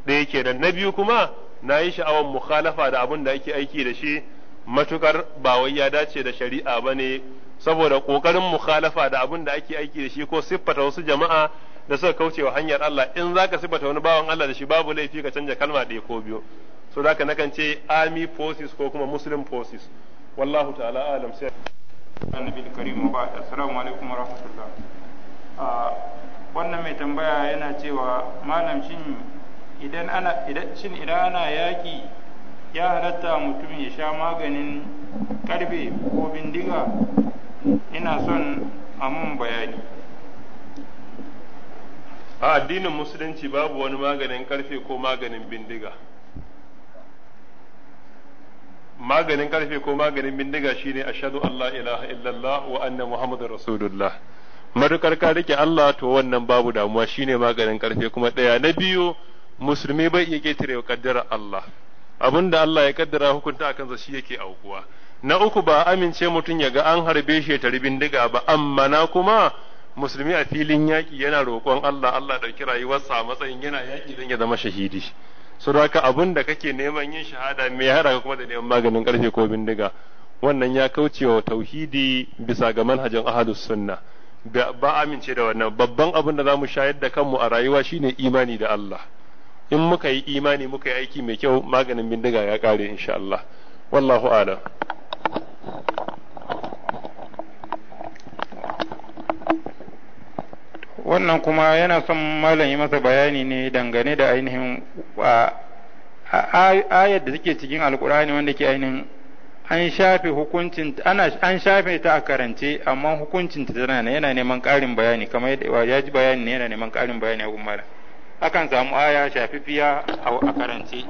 da yake da na biyu kuma na yi sha'awar mukhalafa da abin da ake aiki da shi matukar ba wai ya dace da shari'a ba ne saboda ƙoƙarin mukhalafa da abin da ake aiki da shi ko siffata wasu jama'a da suka kaucewa hanyar Allah in zaka siffata wani bawan Allah da shi babu laifi ka canja kalma ɗaya ko biyu so zaka nakan ce army forces ko kuma muslim forces wallahu ta'ala alam sai annabi karim ba assalamu alaikum wa rahmatullah ah, wannan mai tambaya yana cewa malam shin idan ana idan shin idan ana yaki ya halatta mutum ya sha maganin karfe ko bindiga ina son amun bayani a addinin musulunci babu wani maganin karfe ko maganin bindiga maganin karfe ko maganin bindiga shine ashadu Allah ilaha illallah wa anna Muhammadu rasulullah madukar ka rike Allah to wannan babu damuwa shine maganin karfe kuma daya na biyu musulmi bai iya ketare kaddara Allah abin da Allah ya kaddara hukunta a kansa shi yake aukuwa na uku ba amince mutum ya ga an harbe shi ya tari bindiga ba amma na kuma musulmi a filin yaƙi yana roƙon Allah Allah ɗauki rayuwarsa a matsayin yana yaƙi don ya zama shahidi su aka abin da kake neman yin shahada me ya haɗa kuma da neman maganin ƙarfe ko bindiga wannan ya kauce wa tauhidi bisa ga manhajin ahadus sunna ba amince da wannan babban abin da za mu shayar da kanmu a rayuwa shine imani da Allah in muka yi imani muka yi aiki mai kyau maganin bindiga ya kare insha Allah wallahu alam wannan kuma yana son malam yi masa bayani ne dangane da ainihin ayat da suke cikin alkur'ani wanda ke ainihin an shafe hukuncin ana an shafe ta a karance amma hukuncin ta tana yana neman ƙarin bayani kamar yadda ya ji bayani ne yana neman ƙarin bayani a malam akan samu aya shafifiya a karance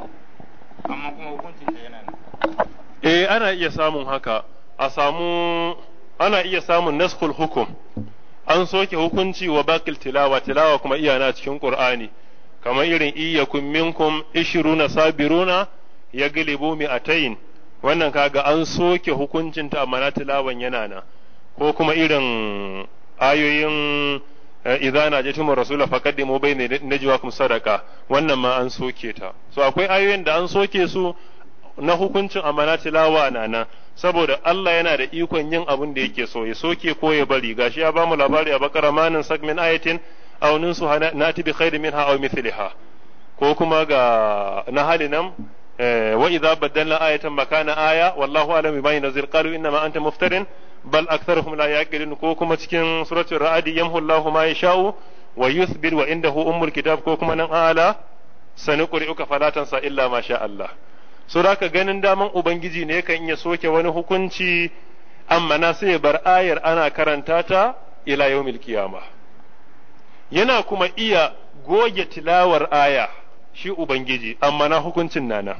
amma kuma hukuncin da yana eh ana iya samun haka a samu ana iya samun naskhul hukum an soke hukunci wa bakil tilawa tilawa kuma iyana cikin qur'ani kamar irin iyyakum minkum ishiruna sabiruna ya gilibu mi'atain wannan kaga an soke hukuncin ta amma tilawan yana na ko kuma irin ayoyin Eh, idza najaytum rasula rasul faqaddimu bayna najwakum sadaqa wannan ma an soke ta so akwai ayoyin da an soke su na hukuncin amana tilawa nana saboda Allah yana da ikon yin abin da yake so ya soke ko ya bari gashi ya bamu labari a bakara manin sakmin ayatin aw ninsu nati bi khairin minha aw mithliha ko kuma ga na halinan eh, wa idza badalna ayatan makana aya wallahu alam bima yunzil qalu inma anta muftarin bal aktharuhum la yaqilun ko kuma cikin suratul ra'adi yamhu Allahu ma yasha'u wa yuthbir wa indahu ummul kitab ko kuma nan ala sanuqri'uka fala tansa illa ma sha Allah so ka ganin daman ubangiji ne kan iya soke wani hukunci amma na sai bar ayar ana karanta ta ila yawmil qiyama yana kuma iya goge tilawar aya shi ubangiji amma na hukuncin nana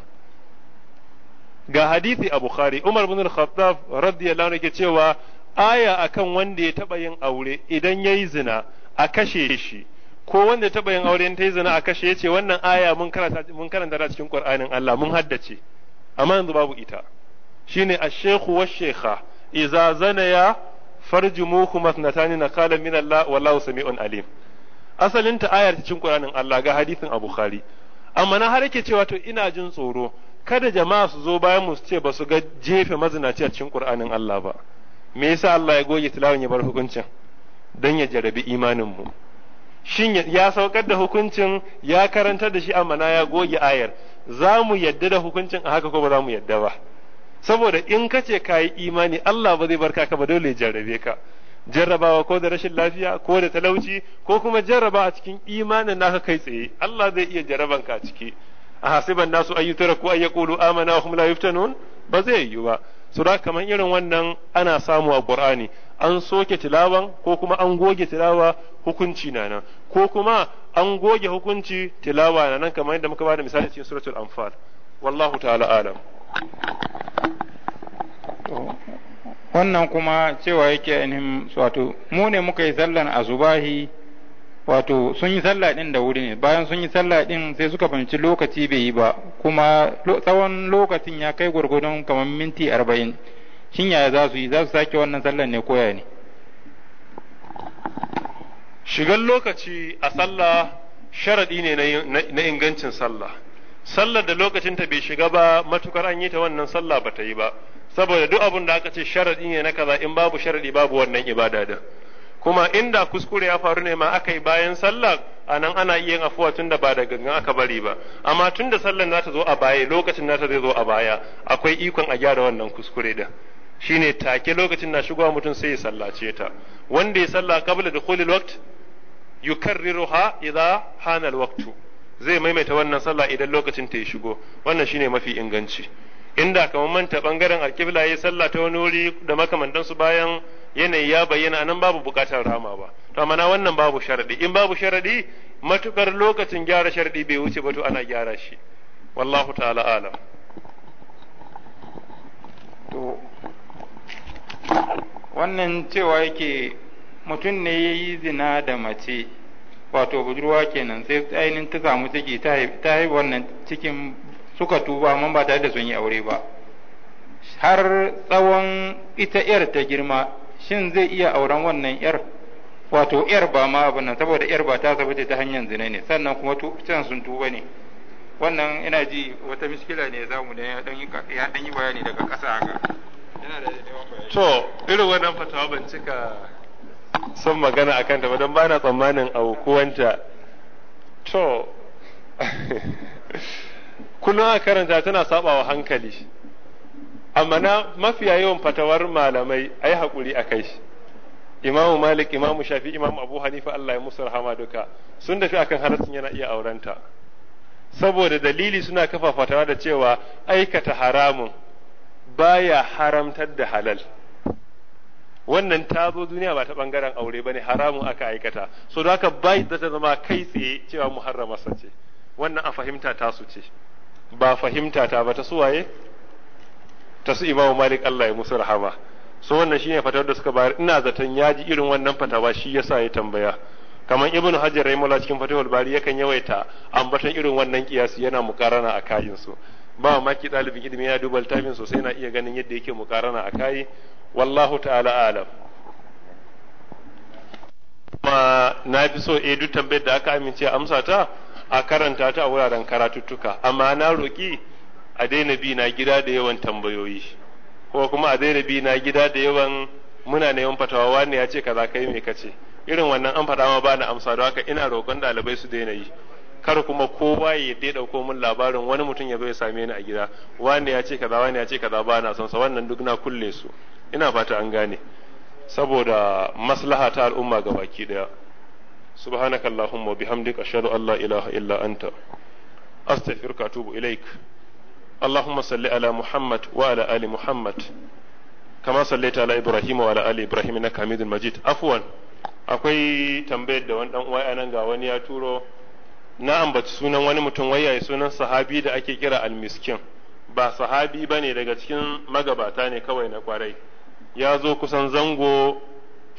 ga hadisi a bukhari umar bin al-khattab radiyallahu anhu yake cewa aya akan wanda ya taba yin aure idan yayi zina a kashe shi ko wanda ya taba yin aure in ta yi zina a kashe yace wannan aya mun karanta mun karanta ta cikin qur'anin Allah mun haddace amma yanzu babu ita shine ash-shaykhu wash-shaykha idza zanaya farjumuhu mathnatani qala min Allah wallahu sami'un alim asalin ta ayar cikin qur'anin Allah ga hadisin a bukhari amma na har yake cewa to ina jin tsoro kada jama'a su zo bayan mu su ce ba su ga jefe mazinaci a cikin Qur'anin Allah ba me yasa Allah ya goge tilawin ya bar hukuncin dan ya jarabi imanin mu shin ya saukar da hukuncin ya karantar da shi amana ya goge ayar za mu yadda da hukuncin a haka ko ba za mu yadda ba saboda in ka ce ka yi imani Allah ba zai barka ka ba dole ya jarrabe ka jarrabawa ko da rashin lafiya ko da talauci ko kuma jarraba a cikin imanin naka kai tsaye Allah zai iya jarabanka ka a ciki a hasiban nasu an yutraku an yaqulu amana wa hum la yuftanun ba zai yi ba su da kamar irin wannan ana samu a Qur'ani an soke tilawan ko kuma an goge tilawa hukunci na nan ko kuma an goge hukunci tilawa na nan kamar yadda muka bada misali cikin suratul anfal wallahu ta'ala alam wannan kuma cewa yake ainihin wato mu ne muka yi zallan azubahi wato sun yi sallah din da wuri ne bayan sun yi sallah din sai suka fahimci lokaci bai yi ba kuma tsawon lokacin ya kai gwargwadon kamar minti arba'in shin yaya za su yi za su sake wannan sallah ne koya ne shigan lokaci a sallah sharaɗi ne na ingancin sallah sallar da lokacin ta bai shiga ba matukar an yi ta wannan sallah ba ta yi ba saboda duk abin da aka ce sharaɗi ne na kaza in babu sharaɗi babu wannan ibada da kuma inda kuskure ya faru ne ma aka yi bayan sallah a nan ana iya yin afuwa tun da ba da gangan aka bari ba amma tun da sallan ta zo a baya lokacin nata zai zo a baya akwai ikon a gyara wannan kuskure din shine take lokacin na shigowa mutum sai ya sallace ta wanda ya sallah qabla dukhulil waqt yukarriruha idha hana alwaqtu zai maimaita wannan sallah idan lokacin ta ya shigo wannan shine mafi inganci inda kamar manta bangaren alkibla ya sallah ta wani wuri da makamantansu bayan yanayi ya bayyana anan babu bukatar rama ba to amma na wannan babu sharadi in babu sharadi matukar lokacin gyara sharadi bai wuce ba to ana gyara shi wallahu ta'ala alam to wannan cewa yake mutum ne ya yi zina da mace wato budurwa kenan sai ainihin ta samu ciki ta haifi wannan cikin suka tuba amma ba tare da sun yi aure ba har tsawon ita 'yar ta girma shin zai iya auren wannan yar wato yar ba ma abin nan saboda yar ba ta sabace ta hanyar zina ne sannan kuma can sun tuba ne wannan ina ji wata miskila ne zamu da ya dan yi bayani daga ƙasa haka yana da bayani to irin wannan fatawa ban cika son magana akan ta ba don bana tsammanin aukuwanta to [laughs] kullum a karanta tana sabawa hankali amma na mafiya yawan fatawar malamai ai hakuri a kai shi imamu malik imamu shafi imamu abu hanifa allah ya musu rahama duka sun dafi akan halaccin yana iya aurenta saboda dalili suna kafa fatawa da cewa aikata haramun baya haramtar da halal wannan ta zo duniya ba ta bangaren aure bane haramun aka aikata so da haka bai da ta zama kai tsaye cewa muharramarsa ce wannan a fahimta tasu ce ba fahimta ta ba ta suwaye ta su imamu malik Allah ya musu rahama so wannan shine fatawar da suka bayar ina zaton ya ji irin wannan fatawa shi yasa ya tambaya kamar ibnu hajar rahimahullah cikin fatawar bari yakan yawaita ambaton irin wannan kiyasi yana mukarana a kayin su ba maki ɗalibin ilimi ya duba littafin sosai na iya ganin yadda yake mukarana a kayi wallahu ta'ala alam ma na fi so eh duk tambayar da aka amince amsa ta a karanta ta a wuraren karatuttuka amma na roki a daina bi na gida da yawan tambayoyi ko kuma a daina bi na gida da yawan muna neman fatawa wani ya ce kaza kai me kace irin wannan an faɗa ma ba amsa don haka ina roƙon ɗalibai su daina yi kar kuma kowa ya dai ɗauko min labarin wani mutum ya zo ya same ni a gida wani ya ce kaza wani ya ce kaza ba na son sa wannan duk na kulle su ina fata an gane saboda maslaha ta al'umma ga baki daya subhanakallahumma bihamdika ashhadu an la ilaha illa anta astaghfiruka wa atubu ilaik اللهم صل على محمد وعلى آل محمد كما صليت على إبراهيم وعلى آل إبراهيم إنك حميد مجيد عفوا akwai tambayar da wani dan uwa anan ga wani ya turo na ambaci sunan wani mutum wai yayi sunan sahabi da ake kira almiskin ba sahabi ba ne daga cikin magabata ne kawai na kwarai ya zo kusan zango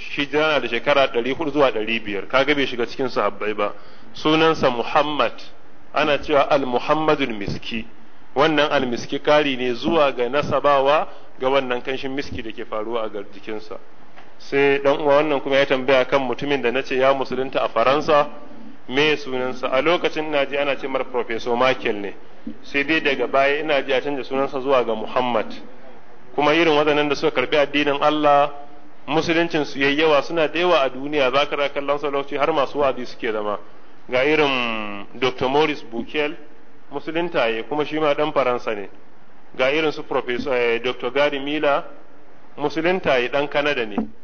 shi jana da shekara 400 zuwa 500 kaga bai shiga cikin sahabbai ba sunansa Muhammad ana cewa al-Muhammadul Miski wannan almiski kari ne zuwa ga nasabawa ga wannan kanshin miski da ke faruwa a jikinsa sai dan uwa wannan kuma ya tambaya kan mutumin da na ce ya musulunta a faransa me sunansa a lokacin ina ji ana ce mar professor Michael ne sai dai daga baya ina ji a canza sunansa zuwa ga Muhammad kuma irin waɗannan da suka karbi addinin Allah musuluncin su yawa suna da yawa a duniya za ka ra kallon sa lokaci har masu wa'adi suke zama ga irin Dr. Morris Bukel musulunta ya kuma shi ma dan faransa ne ga irin su eh, Dr. Gary Miller musulunta ya ɗan Kanada ne